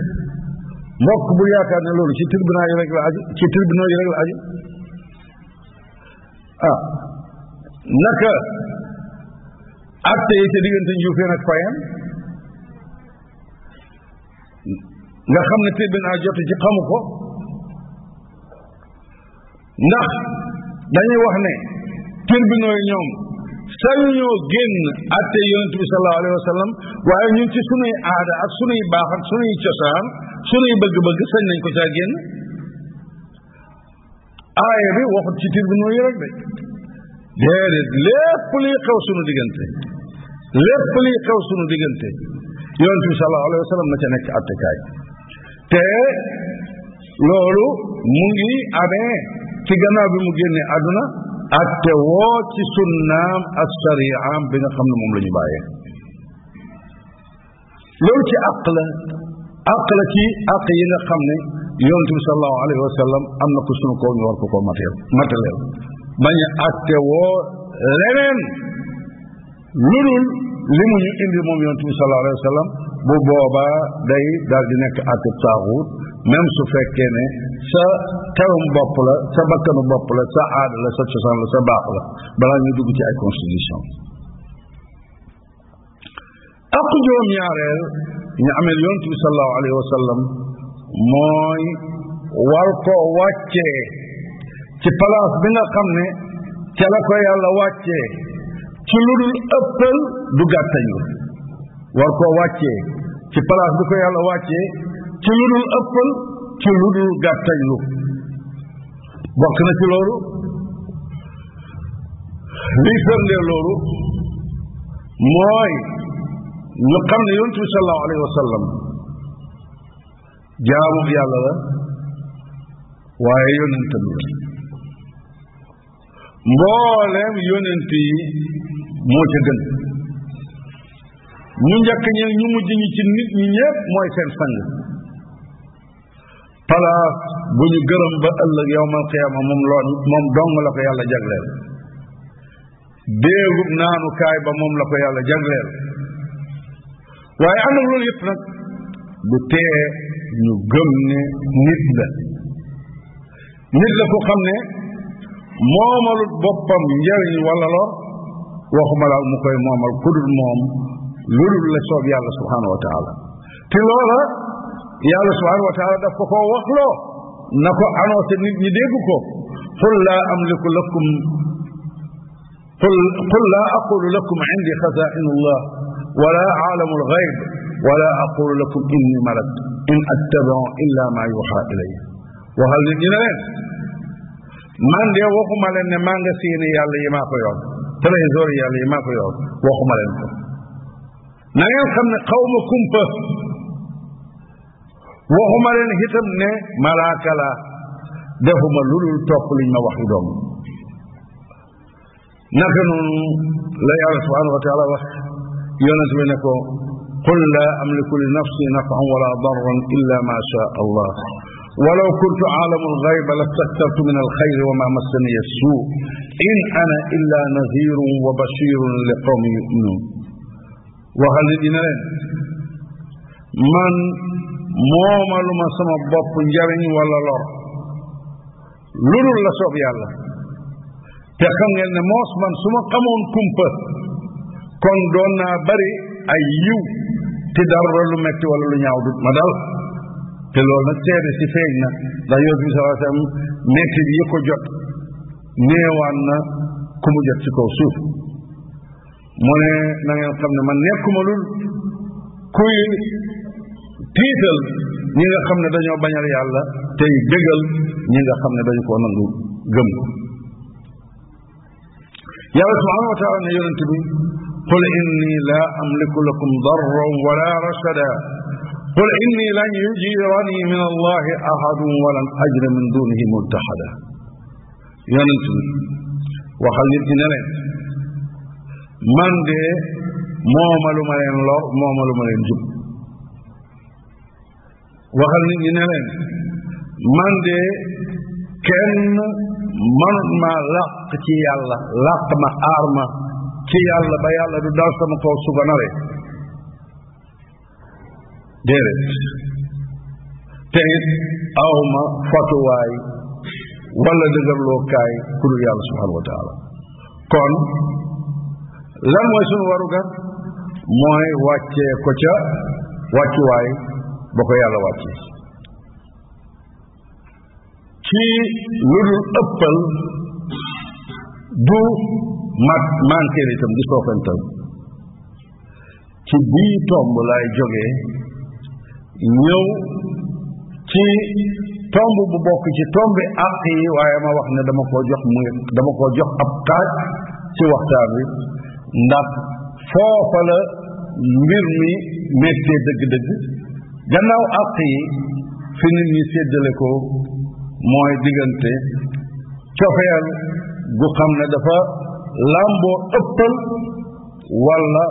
S2: mbokk bu yaakaar ne loolu ci tribunal yi rek la aju ci tribunal yi rek la aju ah naka atte yi ca diggante njuufeen ak fayam nga xam ne tribunal jotu ci xamu ko ndax dañuy wax ne tribunaux yi ñoom saññoo génn atte yonent bi sallallahu alayhi wa sallam ñun ci sunuy aada ak sunuy baax ak sunuy cosaan sunuy bëgg-bëgg sañ nañ ko caa génn aaya bi waxut ci tribunaux yi rek de déedéet lépp liy xew sunu diggante lépp liy xew sunu diggante yonent bi sallallahu alayhi wa sallam na ca nekk attekaay te loolu mu ngi amee ci gannaaw bi mu génnee àdduna atte woo ci sunnaam ak shari'aam bi nga xam ne moom la ñu bàyyee loolu ci àq la àq ci àq yi nga xam ne yonente bi salallahu alayhi wa sallam am na ko sunu koo ñu war ko koo mateel mataleel bañ a atte woo leneen lu li mu ñu indi moom yonente bi salallahu alayhi wa sallam bu boobaa day daal di nekk àtte taaxuut même su fekkee ne sa xelum bopp la sa bakkanu bopp la sa aada sa cosaan la sa baax la balaa ñu dugg ci ay constitution ak juróom ñaareel ñu amee yonent bi sallallahu alayhi wa sallam mooy war ci ko yàlla wàccee ci lu dul ëppal du gàttañu war koo wàccee ci place bi ko yàlla wàccee ci lu dul ëppal ci lu dul gàttajlu bokk na ci loolu liy firndee loolu mooy ñu xam ne yonent bi sallallahu alayhi wa sallam jaamu yàlla la waaye yonentam la mbooleem yonent yi moo ca gën ñu njëkk ñi ñu mujj ñi ci nit ñi ñëpp mooy seen sang palaas bu ñu gërëm ba ëllëg yowmal qiyaama moom loon moom dong la ko yàlla jagleel déegub naanukaay ba moom la ko yàlla jagleel waaye ànd ak loolu yëpp nag du tee ñu gëm ne nit la nit la ko xam ne moomalut boppam njariñ wala lor waxuma mu koy moomal kudul moom lu dul la soob yàlla subhaanahu wa taala te loola yàlla subhaanahu wa taala daf ko koo waxloo na ko annoncé nit ñi dégg ko qul laa amliku lakum qul qul laa aqulu lakum indi xazaa'inu llah wala aalamu alxayb wala aqulu lakum inni malak in attabau illa ma yuuxa ilay waxal nit ñi ne leen man de waxuma leen ne maa nga seeni yàlla yi maa ko yor trésor yàlla yi maa ko yor waxuma leen ko na ngeen xam ne xaw ma kumpa waxuma leen itam ne malaaka la defuma lu dul topp liñ ma wax yi doom naka noonu la yàlla subhanahu wa taala wax yonent bi ne ko qul la amliku li nafsi nafan wala darran illa ma sha allah walaw kuntu aalamu alxayba lastaktartu min alxayri wa ma massaniya suu in ana illa nadirun wa bashirun li qawmi yuminun waxal nit ñi ne leen man moomaluma sama bopp njariñ wala lor lu dul la soob yàlla te xam ngeen ne moos man su ma xamoon kon doon naa bari ay yiw te dara lu metti wala lu ñaaw dut ma dal te loolu nag seede si feeñ na ndax yonent bi sallallahu alayhi wasallam metti yi ko jot néewaan na ku mu jot ci kaw suuf mu ne na ngeen xam ne man nekkuma lu kuy tiital ñi nga xam ne dañoo bañal yàlla tey bégal ñi nga xam ne dañu ko nangu gëm ko yàlla subhanahu wa taala ne yonent bi qul inni la amliku lakum darran wala rashada qul inni lan yujirani min allahi ahadun walan ajra min dunihi multahada yonent bi waxal nit ñi ne leen man de mooma lu ma leen lor mooma lu ma leen jub waxal nit ñi ne leen man de kenn manut ma làq ci yàlla làq ma aar ma ci yàlla ba yàlla du dal sama kaw su ko naree déedéet te it awma fatuwaay wala dëgërlookaay ku dul yàlla subhanahu wa taala kon lan mooy sunu warugar mooy wàccee ko ca wàccuwaay ba ko yàlla wàccee ci lu dul ëppal du mat manteel itam di soofantal ci bii tomb laay jógee ñëw ci tomb bu bokk ci tombi àq yi waaye ma wax ne dama koo jox mu dama koo jox ab taaj ci waxtaan wi ndax foofa mbir mi méttee dëgg-dëgg gannaaw àq fi nit ñi séddale ko mooy diggante cofeel gu xam ne dafa làmboo ëppal walla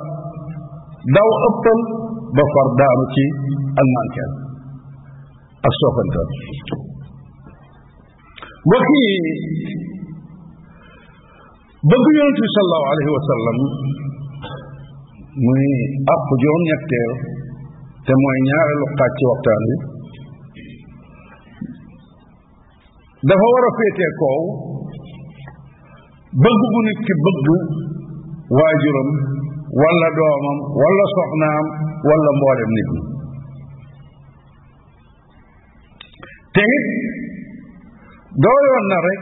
S2: daw ëppal ba far daanu ci ak mànkeel ak soofantal bëgg yonent bi sallallahu alayhi wa sallam muy àpp juróom ñetteel te mooy ñaareelu xaaj ci waxtaan bi dafa war a féetee koow bëgg gu nit ki bëgg waajuram wala doomam wala soxnaam wala mboolem nit ñi te it na rek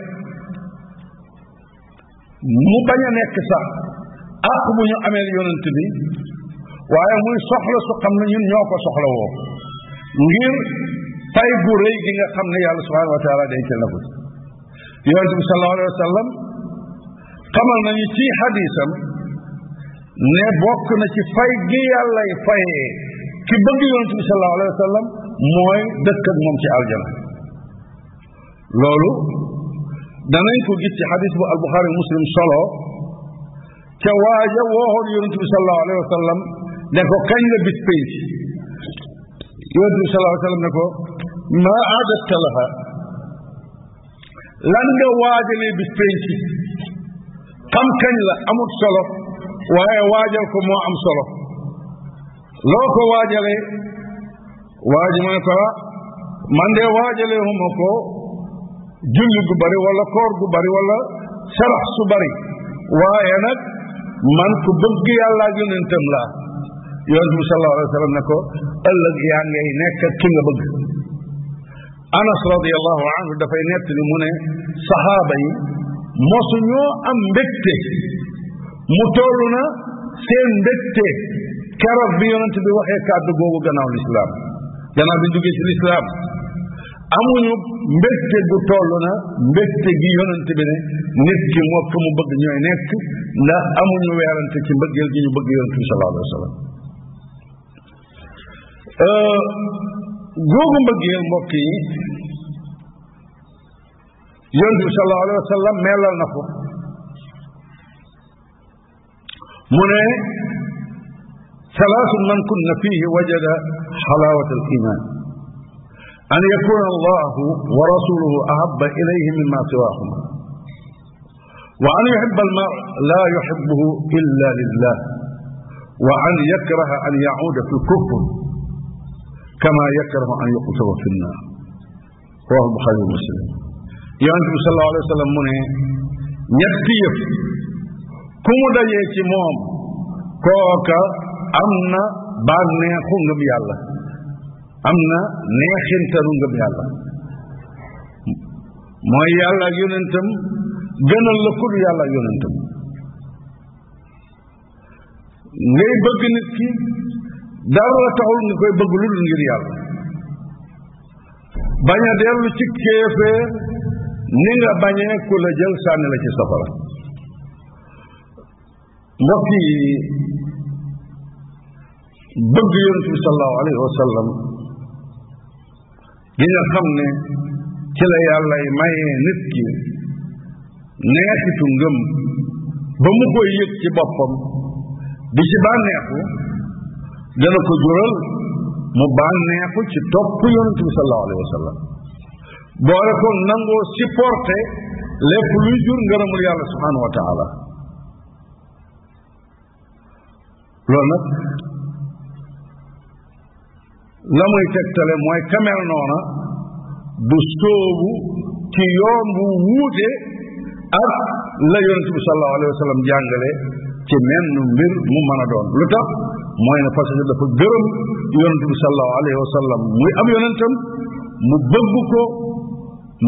S2: mu bañ a nekk sax àq bu ñu ameel yonent bi waaye muy soxla su xam ne ñun ñoo ko soxla woo ngir pay gu rëy gi nga xam ne yàlla subhanahu wa taala dencal na ko yonent bi sallallahu alayhi wa sallam xamal nañu ci xadisam ne bokk na ci fay gi yàllay fayee ki bëgg yonent bi sallallahu alayhi wa sallam mooy dëkk moom ci aljana loolu danañ ko gis ci xadis bu albuxaari muslim solo ca waaja wooxoon yonent bi sallallahu alayhi wa sallam ne ko kañ la bis pénc yonent bi laha lan nga waajalee bis pénc xam kañ la amut solo waaye waajal ko moo am solo loo ko waajalee waaji ma ne ko ah, man de waajalee huma ko julli gu bari wala koor gu bari wala sarax su bari waaye nag man ku bëgg yàlla ak yonentam laa yonent bi sallallahu alayhi wa sallam ko ëllëg yaa ngay nekk ki nga bëgg anas radiallahu anhu dafay nett ni mu ne saxaaba yi mosu ñoo am mbégte mu toll na seen mbégte keroog bi yonent bi waxee kàddu googu gannaaw lislaam gannaaw bi duggee ci lislaam amuñu mbégte gu toll na mbégte gi yonent bi ne nit ki moo ko mu bëgg ñooy nekk ndax amuñu weerante ci mbëggeel gi ñu bëgg yonent bi sallallahu alayhi wa sallam euh, googu mbëggeel mbokk yi yonent bi sallallahu alayhi wa sallam na ko mu ne salaasun man kunna fihi wajada xalaawat al iman an yakuna allahu wa rasuluhu ahabba ilayhi mimma siwaahuma wa an yuhibba almar la yuhibbuhu illa lillah wa an yakraha an yacuuda fi kufr kama yakrahu an yuqtaba fi nnaar rawahu albuxaari wa muslim yonente bi sallallahu alayhi wa sallam mu ne ñetti yëf ku mu dajee ci moom kooka am na bànneexu ngëm yàlla am na neexintalu ngëm yàlla mooy yàlla ak yonentam gënal la kul yàlla ak yonentam ngay bëgg nit ki dara taxul nga koy bëgg lu ngir yàlla bañ dellu ci kéefee ni nga bañee ku la jël sànni la ci safara mbokk yi bëgg yonent bi sallallahu alayhi wa sallam gi nga xam ne ci la yàllay mayee nit ki neexitu ngëm ba mu koy yëg ci boppam di ci bànneexu dana ko jural mu bànneexu ci topp yonent bi sallallahu alayhi wa sallam boole ko nangoo supporté lépp luy jur ngërëmul yàlla subhanahu wa taala loolu nag la muy tegtale mooy kamel noona du sóobu ci yoon bu wuute ak la yonente bi sallallahu alayhi wa sallam jàngale ci menn mbir mu mën a doon lu tax mooy ne parce que dafa gërëm yonente bi sallallahu alayhi wa sallam muy ab yonentam mu bëgg ko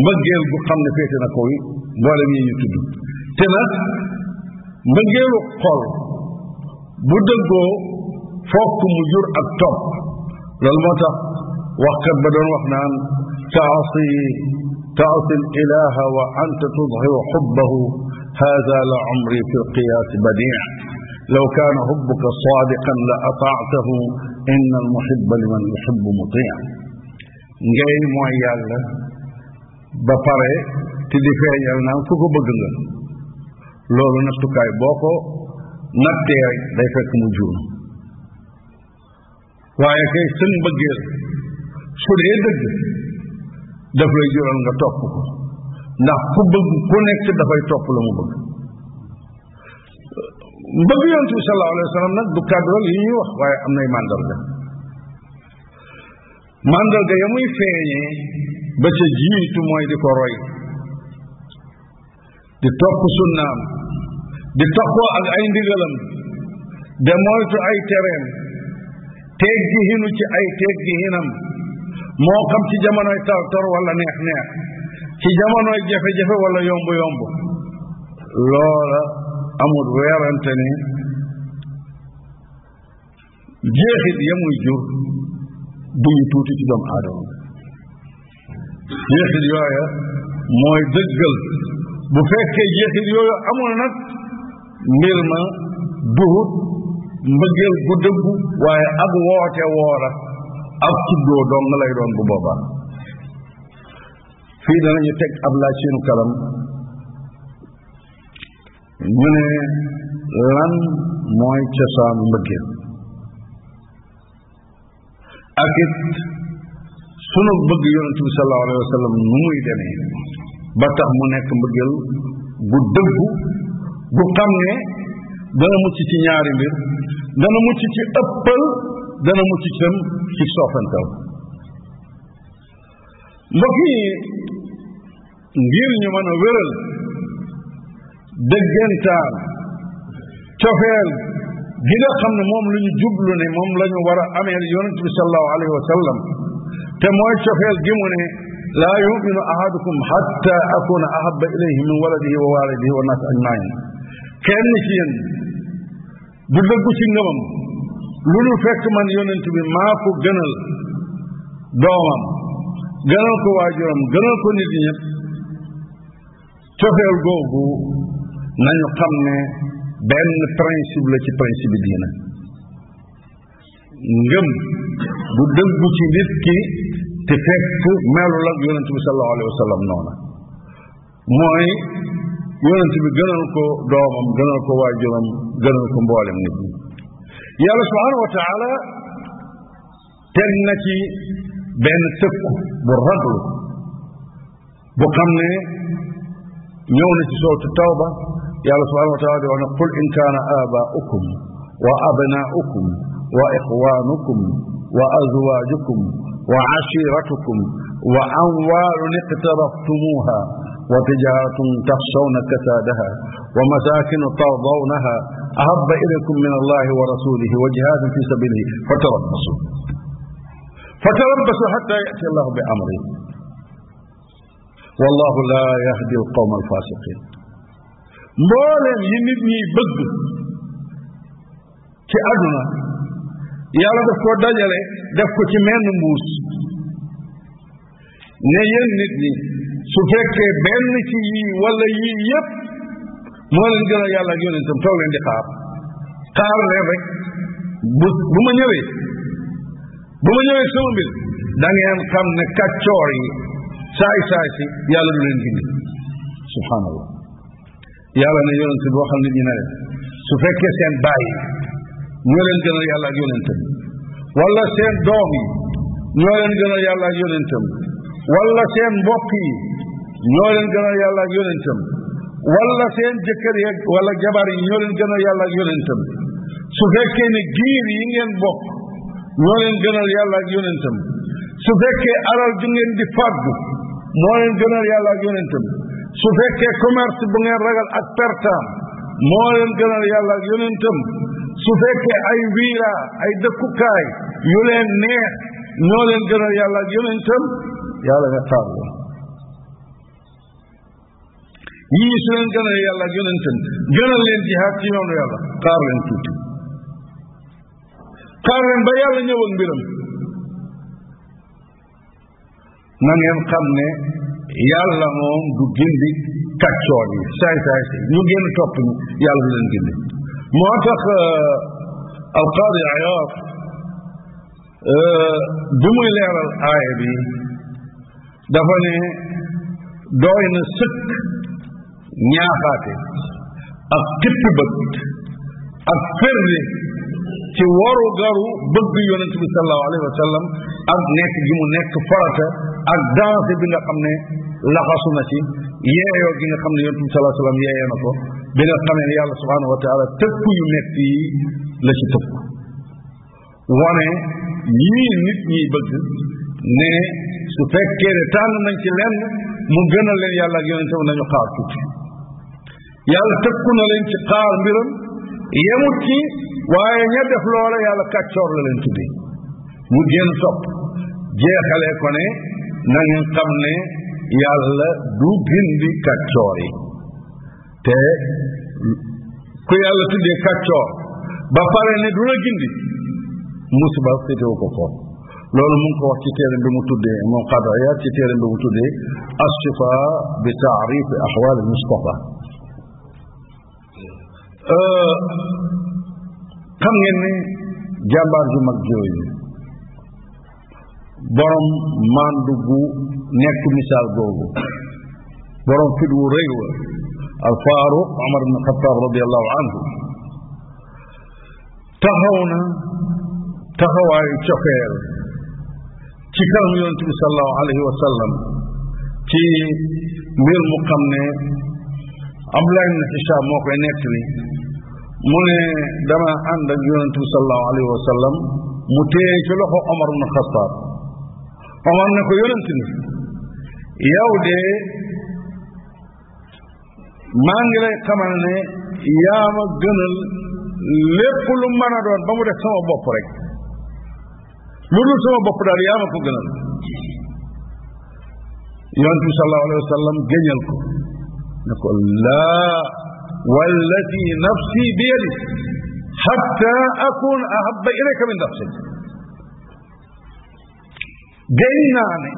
S2: mbëggeel gu xam ne féete na ko yi mboolem yi ñu tudd te nag mbëggeelu bu dëggoo fokk mu jur ak topp loolu moo tax waxkat ba doon wax naan taasi taasi al ilaha wa anta tudhiru xubbahu hada la umri fi lqiyaasi badi law kaana xubbuka saadiqan la ataatahu inna almuhibba liman yuhibbu mutia ngay mooy yàlla ba pare te di feeñal naan ku ko bëgg nga loolu nattukaay boo ko nattee day fekk mu juum waaye kay sën mbëggeel su dee dëgg daf lay jural nga topp ko ndax ku bëgg ku dafay topp la mu bëgg mbëgg yonent bi sallallahu alayhi wa sallam nag du kàddu yi ñuy wax waaye am nay màndarga màndarga ya muy feeñee ba ca jiitu mooy di ko roy di topp sunnaam di taxoo ak ay ndigalam de moytu ay tereem teeg gi hinu ci ay teeg gi hinam moo xam ci jamonoy tar tar wala neex neex ci jamonoy jafe-jafe wala yomb yomb loola amul weerante ni jeexit ya jur duñu tuuti ci doomu aadama jeexit yooya mooy dëggal bu fekkee jeexit yooyu amul nag mbir ma duhut mbëggeel gu dëggu waaye ak woote woora ak tuddoo dong lay doon bu boobaa fii danañu teg ab laaj seenu kalam ñu ne lan mooy cosaanu mbëggeel ak it sunu bëgg yonent bi sallallahu alayhi wa nu muy demee ba tax mu nekk mbëggeel gu dëggu gu xam ne dana mucc ci ñaari mbir dana mucc ci ëppal dana mucc itam ci soofantal mbokk yi ngir ñu mën a wéral dëggantaan cofeel xam ne moom la ñu jublu ne moom la ñu war a ameel yonent bi sallallahu alayhi wa sallam te mooy cofeel gi mu ne laa yuminu ahadukum xatta akuna ahaba ilayhi min waladihi wa walidihi wa naas ajmain kenn ci yéen du dëggu ci ngëmam lu dul fekk man yonent bi maa ko gënal doomam gënal ko waajuram gënal ko nit ñëpp cofeel googu nañu xam ne benn principe la ci principe bi diina ngëm bu dëggu ci nit ki fekk melul ak yonent bi sallallahu alayhi wa noona mooy yonent bi gënal ko doomam gënal ko waajuram gënal ko mboolem nit ñi yàlla subhanahu wa taala teg na ci benn tëkku bu raglu bu xam ne ñëw na ci sootu tawba yàlla subhanahu wa taala di wax ne qul in kaana aabaukum wa abnaukum wa ixwaanukum wa azwaajukum wa ashiratukum wa amwaalun iqtaraftumuuha وتجارة تخشون كسادها ومساكن ترضونها أحب إليكم من الله ورسوله وجهاد في سبيله فتربصوا فتربصوا حتى يأتي الله بأمره والله لا يهدي القوم الفاسقين mbooleem yi nit ñi bëgg ci àdduna yàlla daf ko dajale def ko ci menn mbuus ne yéen nit ñi su fekkee benn ci yii wala yii yépp moo leen a yàlla ak yonentam toog leen di xaar xaar leen rek ngeen xam ne kàccoor saay saay si yàlla du leen gindi boo xam ne ñu ne su fekkee seen baay ñoo leen gënal yàlla ak yonentam wala seen doom yi ñoo leen gënal yàlla ak yonentam wala seen mbokk yi ñoo leen gënal yàlla ak yonentam wala seen jëkkër yeeg wala jabar yi ñoo leen gënal yàlla ak yonentam su fekkee ne giir yi ngeen bokk ñoo leen gënal yàlla ak yonentam su fekkee alal ju ngeen di fàggu moo yàlla ak yonentam su fekkee commerce bu ngeen ragal ak pertaam moo leen gënal yàlla ak yonentam su fekkee ay wiira ay dëkkukaay yu leen neex ñoo leen gënal yàlla ak yonentam yàlla nga taal la ñii su leen gënal yàlla ak yonentam gënal leen jihaad ci yoonu yàlla leen tuuti xaar leen ba yàlla ñëw ak mbiram na ngeen xam ne yàlla moom du gindi kaccoor yi saay saay si ñu génn topp ñu yàlla du leen gindi moo tax euh, alqaadi ayaaf euh, bi muy leeral aaya bi dafa ne doy na sëkk ñaaxaate ak xippi bët ak ferdi ci waru garu bëgg yonent bi sallallahu alayhi wa ak nekk gi mu nekk farata ak dansé bi nga xam ne laxasu na ci gi nga xam ne yonent bi sallallahu alayhi wa na ko bi nga xamee ne yàlla wa taala tëkk yu metti la ci tëkk wane yii nit ñiy bëgg su fekkee ne tànn nañ ci lenn mu gënal leen yàlla ak yonente bi nañu xaar tuuti yàlla tëkku na leen ci xaar mbiram yemut waaye ña def loola yàlla kàccoor la leen tudde mu génn topp jeexalee ko ne na ngeen xam ne yàlla du gindi kàccoor yi te ku yàlla tuddee kàccoor ba pare ne du la gindi musiba féetewu ko ko loolu mu ko wax ci téere bi mu tuddee moom xadaya ci téere bi mu tuddee ashifa bi taarifi axwaali mustafa Euh, xam ngeen ne jàmbaar ju mag jooyu borom mandu gu nekk misaal boobu borom fit wu rëy wa al faaruq Omar ibn Xataab radiallahu anhu taxaw na taxawaayu cofeel ci kanam yonente bi salallahu alayhi wa sallam ci mbir mu xam ne Abdullah ibn Hisham moo koy nekk ni mu ne dama ànd ak yonent bi sallallahu alayhi wa sallam mu téye ci loxo Omar ibn Xattaab Omar ne ko yonent ni yow de maa ngi lay xamal ne yaa ma gënal lépp a doon ba mu def sama bopp rek lu dul sama bopp daal yaa ko gënal yonent bi sallallahu alayhi wa ko ne ko laa والذي نفسي بيده حتى أكون أحب إليك من نفسك géñ naa ne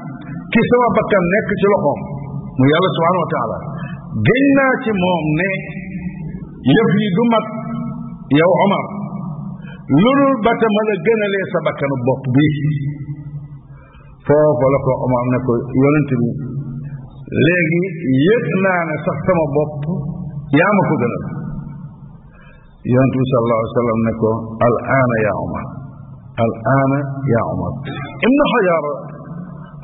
S2: ci sama bakkan nekk ci loxoom mu yàlla subhanahu wa taala géñ naa ci moom ne yëf yi du mat yow Omar lulul ba te ma la gënalee sa bakkanu bopp bi foofa la ko Omar ne ko yonent bi léegi yëg naa ne sax sama bopp yaa ma ko gënal yonent bi sallallahu alayhi wa sallam ne ko al aana yaa Omar al aana yaa Omar ibnu Hajar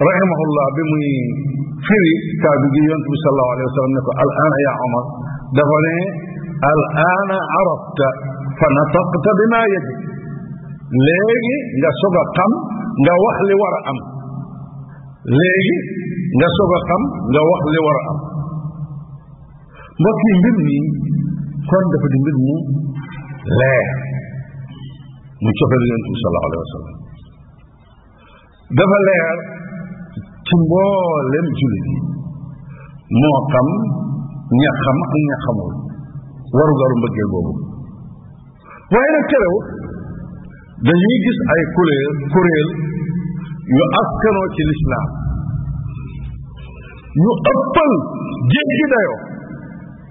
S2: rahimahullah bi muy firi kàddu gi yonent bi sallallahu alayhi wa sallam ne ko al aana yaa Omar dafa ne al aana arafta fa nataqta bi maa yajib léegi nga soog a xam nga wax li war a am léegi nga soog a xam nga wax li war a am mbokk mbir mi kon dafa di mbir mu leer mu cofeel yonent bi sallallahu alayhi dafa leer ci mboolem jullit yi moo xam ña xam ak ña xamul waru garu mbëggeel boobu waaye nag terewut dañuy gis ay kuréel yu askanoo ci lislaam yu ëppal jéggi dayoo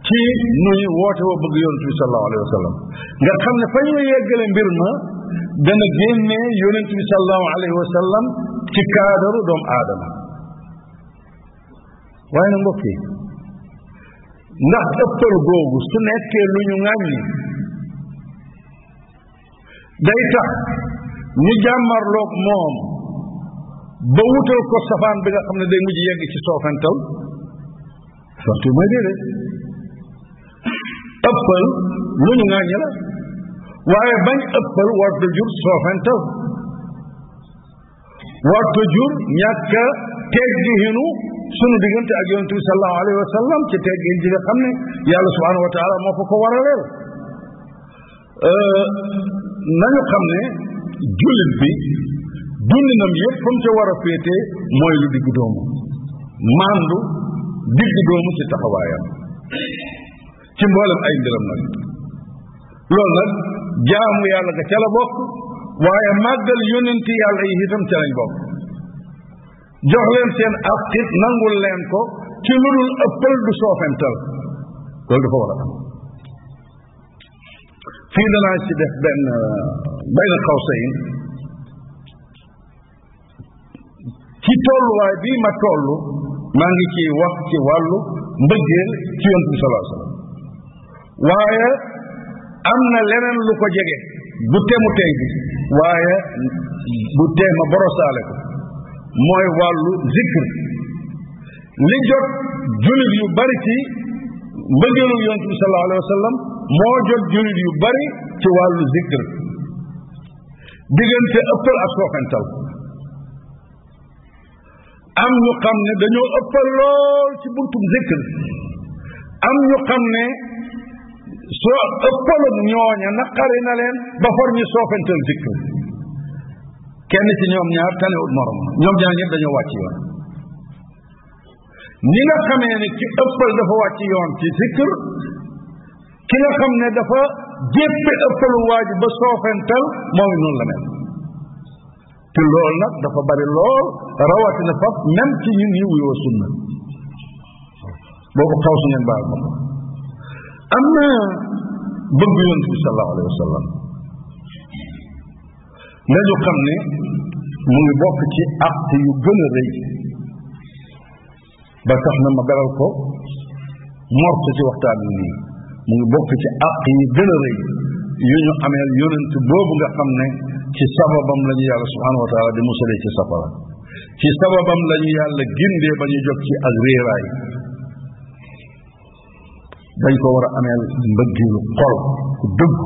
S2: ci nuy woote woo bëgg yonent bi sallallahu alayhi wa sallam nga xam ne fa ñu yeggale mbir ma dana génnee yonent bi sallallahu alayhi wa sallam ci kaadaru doomu aadama waaye nag mbokk yi ndax ëppal googu su nekkee lu ñu ŋàññi day tax ñu jàmmarloog moom ba wutal ko safaan bi nga xam ne day mujj yegg ci soofantal sant mooy déedéet ëppal lu ñu ŋàññi la waaye bañ ëppal warta jur soofantal warta jur ñàkk teggihinu sunu diggante ak yonent bi sallallahu alayhi wa ci teggin ji xam ne yàlla subhanahu wa moo ko ko waraleel euh, nañu xam ne jullit bi dundinam yëpp fa mu ca war a féetee mooy lu diggu doomu mandu diggu doomu ci taxawaayam ci mboolem ay mbiram nag loolu nag jaamu yàlla ga ca la bokk waaye màggal yonenti yàlla yi itam ca lañ bokk jox leen seen àq nangul leen ko ci lu dul ëppal du soofental loolu dafa war a fii danaa ci def benn benn xawsayin ci tolluwaay bii ma toll maa ngi ciy wax ci wàllu mbëggeel ci yonent bi sallallahu alayhi waaye am na leneen lu ko jege bu temu tey bi waaye bu tee ma borosaale ko mooy wàllu zikr li jot jullit yu bari ci mbëggeelu yonent bi sallallahu alayhi wa sallam moo jot jullit yu bari ci wàllu zikr diggante ëppal ak sooxantal am ñu xam ne dañoo ëppal lool ci buntum zikr am ñu xam ne soo ëppaloon ñooña naqari na leen ba for ñu soofantal ñoom ñaar tanewut morom ñoom ñaar ñëpp dañoo wàcc yoon ni nga xamee ne ci dafa wàcc yoon ci zikr ki nga xam ne dafa jéppe ëppalu waaju ba soofental moom it noonu lool mel nag dafa bari lool rawatina faf même ci ñun ñi wuyoo sunna boobu xaw su ngeen ma bëgg yonent bi sallallahu alayhi wa sallam nañu xam ne mu ngi bokk ci acte yu gën a ba tax na ma beral ko mort ci waxtaan wi nii mu ngi bokk ci acte yu gën a yu ñu ameel yonent boobu nga xam ne ci sababam la ñu yàlla subhanahu wa taala di musalee ci safara ci sababam la ñu yàlla gindee ba ñu jot ci dañ ko war a ameel mbëggeelu xol ku dëgg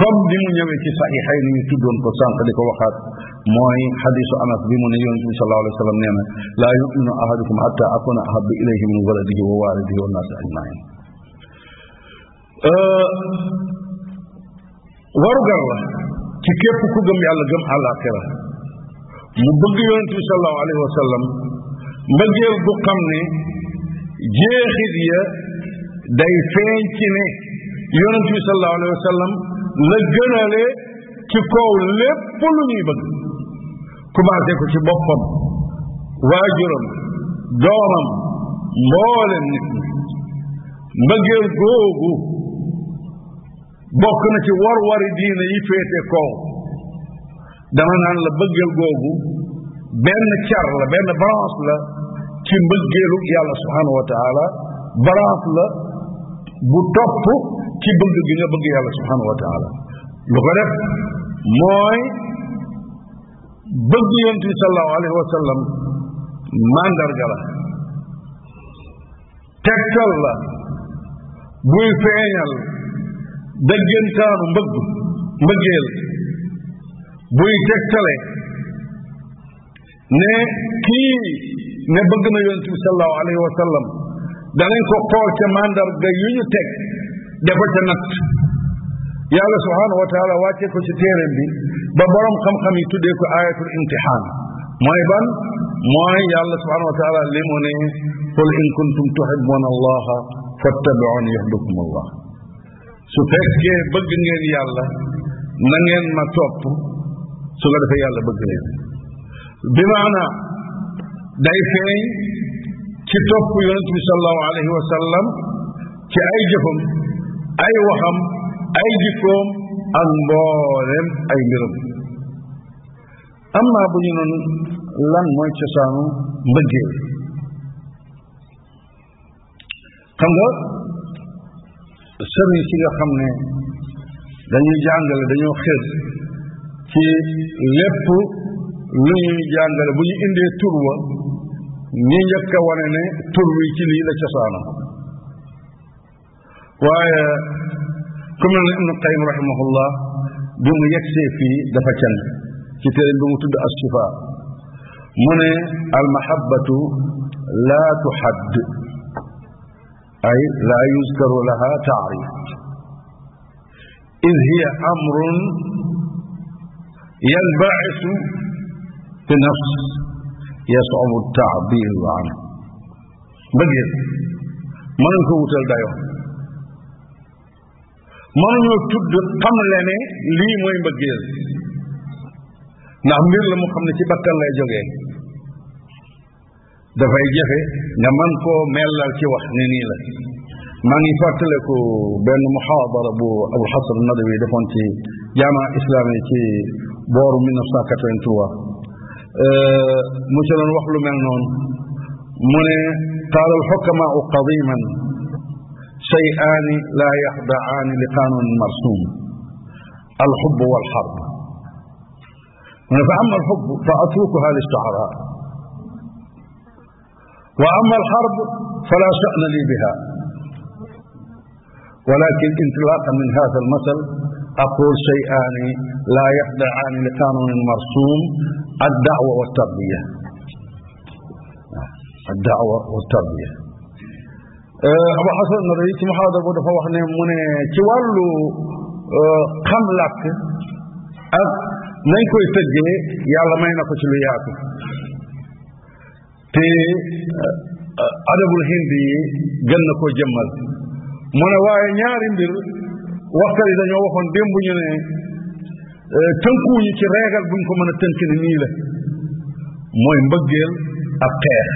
S2: comme ni mu ñëwee ci saxiixay ni ñu tuddoon ko sànq di ko waxaat mooy xadisu anas bi mu ne yonente bi sallallahu alayhi wa sallam nee na laa yuminu ahadukum xata akuna ahaba ilayhi min waladihi wa waalidihi wa naasi ajmain warugar la ci képp ku gëm yàlla gëm àllaaxira mu bëgg yonente bi sallallahu alayhi wa sallam mbëggeel gu xam ne jeexit ya day feeñ ci ne yonent bi sallallahu alayhi wa sallam la gënale ci kaw
S1: lépp lu ñuy bëgg
S2: commencé ko ci boppam waajuram doomam mboolem nit mbëggeel googu bokk na ci war-wari diine yi féete kaw dama naan la bëggeel googu benn car la benn la ci mbëggeelu yàlla subhaanahu wa taala branche la bu topp ci bëgg gi nga bëgg yàlla subhanahu wa taala lu ko mooy bëgg yonent bi sallallahu alayhi wa sallam màndarga la tegtal buy feeñal dëggantaanu mbëgg mbëggeel buy tegtale ne kii ne bëgg na yonent bi sallallahu danañ ko xool ca mandarga yu ñu teg dafa ca natt yàlla subhaanahu wa taala wàccee ko ci téeréem bi ba borom xam-xam yi tuddee ko ayatul imtihaan mooy ban mooy yàlla subhaanahu wa taala li mu ne qul in kuntum tuhibbuna allaha fattabi'uni yahdikum allah su fekkee bëgg ngeen yàlla na ngeen ma topp su nga defee yàlla bëgg leen bi maana day feeñ ci topp yonent bi sallallahu alayhi wa sallam ci ay jëfam ay waxam ay jikkoom ak mbooleem ay mbiram am naa bu ñu noon lan mooy cosaanu mbëggeel xam nga sëriñ si nga xam ne dañuy jàngale dañoo xër ci lépp lu ñuy jàngale bu ñu indee tur wa ñi njëkk a wane ne tur wi ci lii la cosaana waaye ku mel ne ibnu qayim rahimahullah bi mu yegsee fii dafa can ci téeréen bi mu tudd ashifa mu ne almahabatu laa tuxadd ay laa yuzkaru laha taarif id hiya amrun yanbacisu fi nafs yas'abu taabiru anhu mbëggeel mënuñ ko wutel dayoo mënuñoo tudd xamle ne lii mooy mbëggeel ndax mbir la mu xam ne ci bakkan lay jógee dafay jafe nga man koo mellal ci wax ne nii la maa ngi fàttaleku benn muxaadara bu abul xasan nadawi defoon ci jamaa islaami ci booru 1983 Euh, mu ci doon wax lu mel noonu mu ne qaala alxukamaau qadiman shay'aani laa yaxda'aani li qaanuunin marsuum alxub walxarb mu ne fa ama alxub fa atrukuha lishucaraa wa ama alxarb fala sha'na lii biha walakin intilaaqa min haadha almasal aqul shay'aani laa yaxda'aani li qaanuunin marsuum ad daawa wa tarbiya ad daawa wa tarbiya Abu Xasan Nari ci muxaadara bu dafa wax ne mu ne ci wàllu xam làkk ak nañ koy tëggee yàlla may na ko ci lu yaatu te adabul hindi yi gën na koo jëmmal mu ne waaye ñaari mbir waxkat yi dañoo waxoon démb ñu ne Euh, tënkuwuñu ci reegal buñ ko mën a tënk ni nii la mooy mbëggeel ak xeex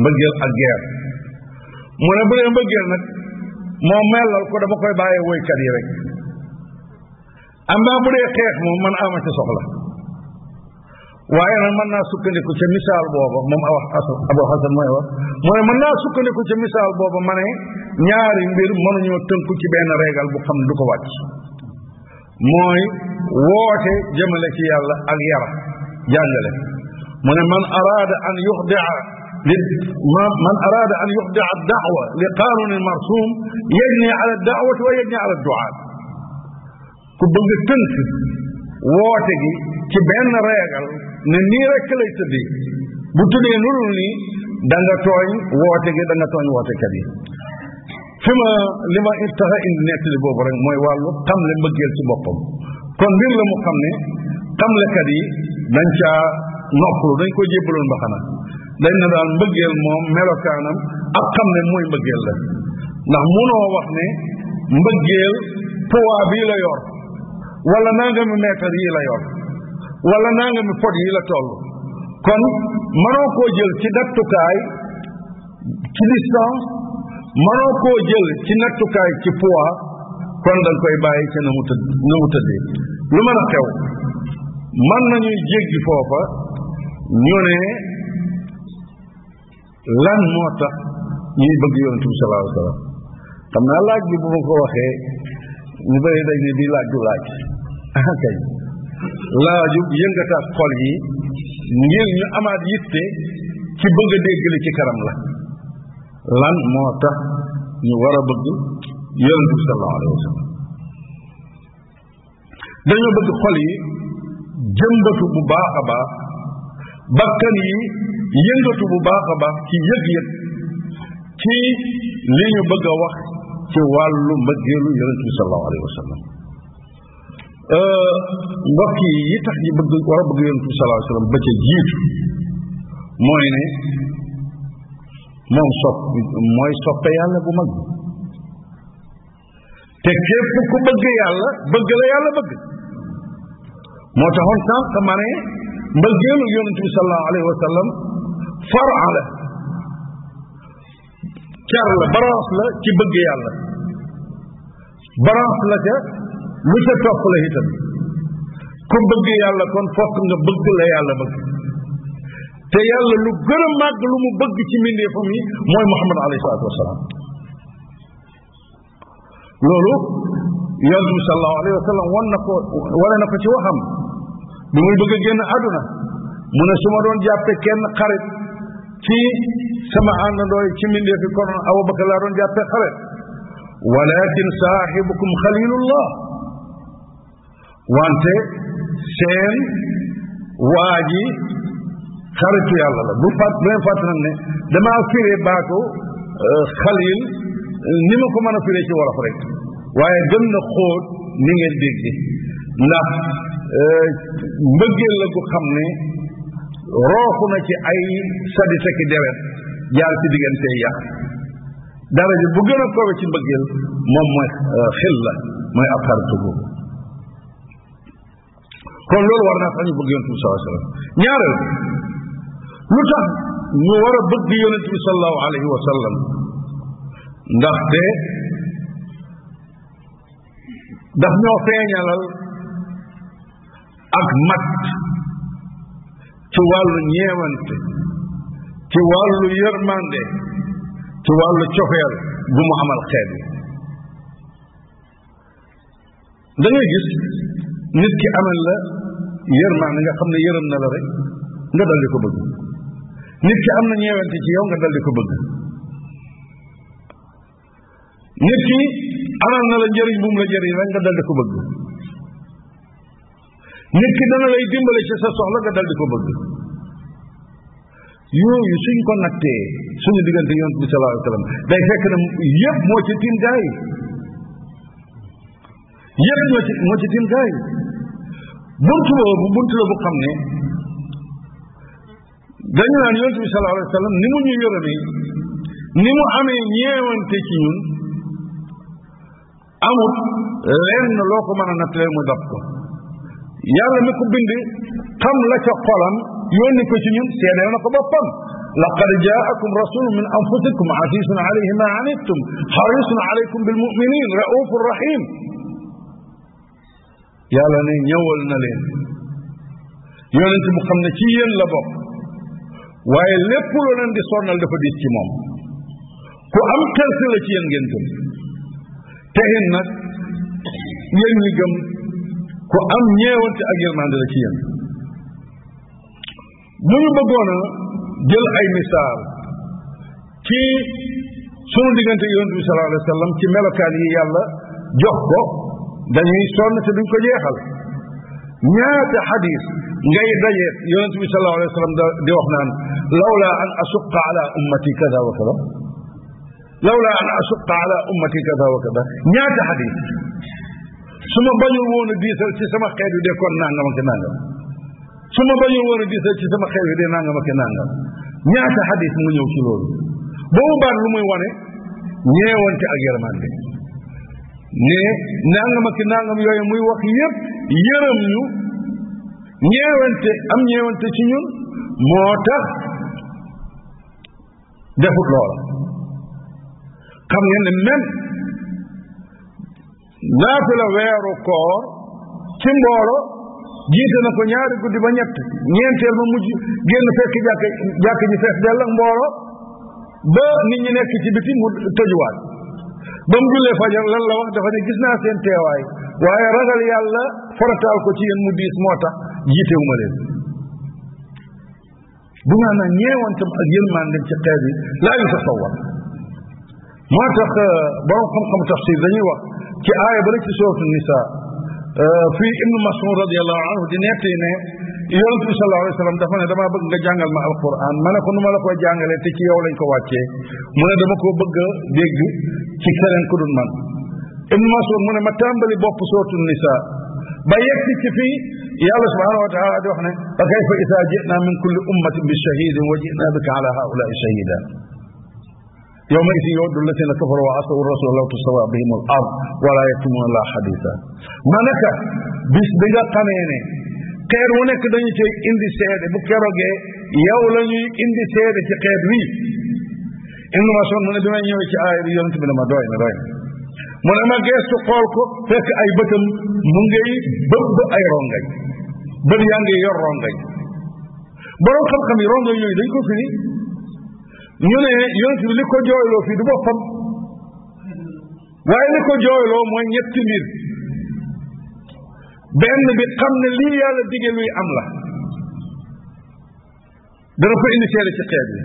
S2: mbëggeel ak guerre mu ne bu dee mbëggeel nag moo melal ko dama koy bàyyee woykat yi rek am naa bu dee xeex moom man ama ci soxla waaye nag mën naa sukkandiku ca misaal boobu moom a wax Abu Hasan mooy wax mu ne mën naa sukkandiku ci misaal booba ma ne ñaari mbir mënuñoo tënku ci benn reegal bu xam du ko wàcc mooy woote jëmale ci yàlla ak yar jàngale mu ne man araada an yuxdia li man araada an yuxdia daawa li qaanunin marsuum yajni ala daawati wa yajni ala duaa ku bëgg tënk woote gi ci benn reegal ne nii rekk lay tëddi bu tuddee nurul nii da nga tooñ woote gi da nga tooñ wootekat yi fi ma li ma tax a indi nettali boobu rek mooy wàllu xamle mbëggeel ci boppam kon mbir la mu xam ne xamlekat yi dañ caa noppalu dañ ko jébbaloon ba xanaa dañ ne daal mbëggeel moom melokaanam ak xam ne mooy mbëggeel la ndax munoo wax ne mbëggeel poids bii la yor wala nanga mi meetar yi la yor wala nanga mi yi la toll kon mënoo koo jël ci dattukaay ci distance mënoo koo jël ci nattukaay ci poids kon da koy bàyyi ca na mu tëdd na tëddee lu mën a xew mën nañuy jéggi foofa ñu ne lan moo tax ñuy bëgg yonente bi sallallahu wa sallam xam naa laaj bi bu ma ko waxee ñu bëri dañ ne di laaj du laaj ah kay laaju yëngataat xol yi ngir ñu amaat yitte ci bëgg a dégg li ci kanam la lan moo tax ñu war a bëgg yonent bi
S1: sallallahu
S2: dañoo bëgg xol jëmbatu bu baax a baax bakkan yi yëngatu bu baax a baax ci yëg-yëg ci li ñu bëgg a wax ci wàllu mbëggeelu yonent bi sallallahu alayhi wa euh, yi tax ñu bëgg war a bëgg yonent bi sallallahu alayhi ba ca jiitu mooy moom sopp yàlla bu mag te képp ku bëgg yàlla bëgg la yàlla bëgg moo taxoon sànq ma ne mbëggeelu yonente bi sallallahu alayhi wa sallam fara car la balance la ci bëgg yàlla balance la ca lu ca topp la itam ku bëgg yàlla kon fokk nga bëgg la yàlla bëgg te yàlla lu gën a màgg lu mu bëgg ci mbindeefam yi mooy muhammad alayhi salaatu wasalaam loolu yonent bi sallallahu alayhi wa sallam wan na ko wane na ko ci waxam bi muy bëgg a génn àdduna mu ne su ma doon jàppe kenn xarit ci sama àndandoo yi ci mbindeef yi kon Abubakar laa doon jàppe xarit walakin saaxibukum xalilullah wante seen waa xaritu yàlla la bu fàtt bu leen fàtt nag ne damaa firé baatu euh, xalil ni ma ko mën a firé ci wolof rek waaye gën na xóot ni ngeen dégg ndax euh, mbëggeel la gu xam ni rooxu na ci ay sadi seki deret jaar ci diggante yàq daraja bu gën a koowe ci mbëggeel moom mooy euh, xil la mooy ab xaritu boobu kon loolu war naa tax ñu bëgg yontu bi sallallahu alayhi wasallam ñaareel lu tax ñu war a bëgg yonent bi sallallahu alayhi wa sallam ndaxte daf ñoo feeñalal ak mat ci wàllu ñeewante ci wàllu yërmande ci wàllu cofeel bu mu amal xeet bi da ngay gis nit ki amal la yërmande nga xam ne yërëm na la rek nga dal di ko bëgg nit ki am na ñeewante ci yow nga dal ko bëgg nit ki amal na la njëriñ bu mu la njëriñ rek nga dal ko bëgg nit ki dana lay dimbale ci sa soxla nga dal di ko bëgg yooyu suñ ko nattee suñu diggante yonent bi sallallahu alayhi wa day fekk na yépp moo gaay yépp moo ci gaay buntu la bu xam ne dañu naan yonent bi sallallahu alayhi wa sallam ni mu ñu yërëmee ni mu amee ñeewante ci ñun amut lenn loo ko mën a nattalee mu dab ko yàlla mi ko bind xam la ca xolam yónni ko ci ñun seedeel na ko boppam laqad jaakum rasulun min anfusikum azizun alayhi ma anittum xarisun alaykum bil muminin raufun rahim yàlla ne ñëwal na leen yonent mu xam ne ci yéen la bokk waaye lépp lu leen di sonnal dafa diis ci moom ku am xelsi la ci yéen ngeen gëm texin nag am ñeewante ci yërmande la ci yéen bu ñu bëggoon a jël ay misaal ci sunu diggante yonent bi sallallahu alayhi wa sallam ci melokaan yi yàlla jox ko dañuy sonn te duñ ko jeexal ñaata xadis ngay daje yonent bi sallallahu alayhi wa sallam di wax naan lawla an asuqa ala ummati kada wa kada lawla an asuqa ala ummati ñaata xadis su ma bañul woon a diisal ci sama xeet wi de kon nangam ak nangam su a diisal ci sama xeet wi de nangam ak nangam ñaata xadis ci ak yërmande ne nangam ak nangam yooyu muy wax yépp ñu ñeewante am ñeewante ci ñun moo tax defut loola xam ngeen ne même naafi la weeru koor ci mboolo jiite na ko ñaari guddi ba ñett ñeenteel ma mujj génn fekk jàkk jàkk ji fees dell ak mboolo ba nit ñi nekk ci biti mu tëjuwaat ba mu jullee fajar lan la wax dafa ne gis naa seen teewaay waaye ragal yàlla farataal ko ci yéen mu diis moo tax jiitewuma leen bu nga na ñeewantam ak yërmandem ci xeet yi laa yu tasawar moo tax euh, borom xam-xam tafsir dañuy wax ci aaya ba la ci sourate nisa euh, fii ibnu mas'ud radiallahu anhu di netti ne yonent bi sallallahu alayhi wa sallam dafa ne damaa bëgg nga jàngal ma alquran ma ne ko nu ma la koy jàngalee te ci yow lañ ko wàccee mu ne dama ko bëgg a dégg ci keneen ku dul man ibnu mas'ud mu ne ma tàmbali bopp sourate nisa ba yegg ci fii yàlla subhanahu wa taala di wax ne fa kayfa isa jina min kulli ummatin bi shahidin wa jina bika ala haulai shahida yowma isin yoddu lazina kafaru wa asaw rasul law tusawa bihim al ard wala yaktumuna la xadisa ma naka bis bi nga xamee ne xeet wu nekk dañu cay indi seede bu kerogee yow la ñuy indi seede ci xeet wii innama son mu ne bi may ñëwee ci aaya bi yonent bi ne ma doy na doy na mu ne ma geestu xool ko fekk ay bëtam mu ngay bëbb ay rongañ bët yaa ngi yor rongañ borom xam-xam yi rongañ yooyu dañ ko firi ñu ne yonent bi li ko jooyloo fii du boppam waaye li ko jooyloo mooy ñetti mbir benn bi xam ne lii yàlla dige luy am la dana ko indi seede ci xeet bi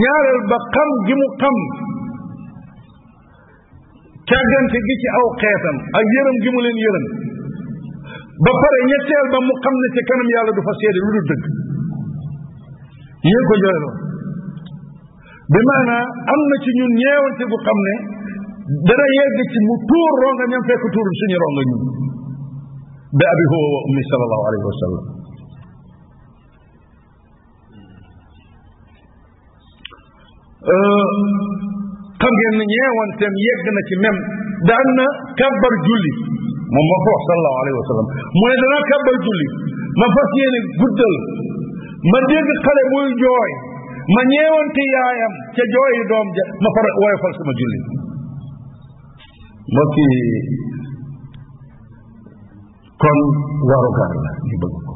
S2: ñaareel ba xam gi mu xam càggante gi ci aw xeetam ak yërëm gi mu leen yërëm ba pare ñetteel ba mu xam ne ci kanam yàlla du fa seede lu dul dëgg ko jooyloo bi maanaa am na ci ñun ñeewante ci xam ne dana yegg ci mu tuur ronga ñam fekk tuurul suñu ronga ñun bi abi huwa wa ummi sallallahu alayhi wa xam ngeen ne ñeewanteem yegg na ci même daan na kabbar julli moom moo ko wax sallallahu alayhi wa sallam mu ne kabbar julli ma fas yéene guddal ma dégg xale buy jooy ma ñeewante yaayam ca jooyi doom ja ma far woyofal sama julli mbokk yi kon warugar la ñu bëgg ko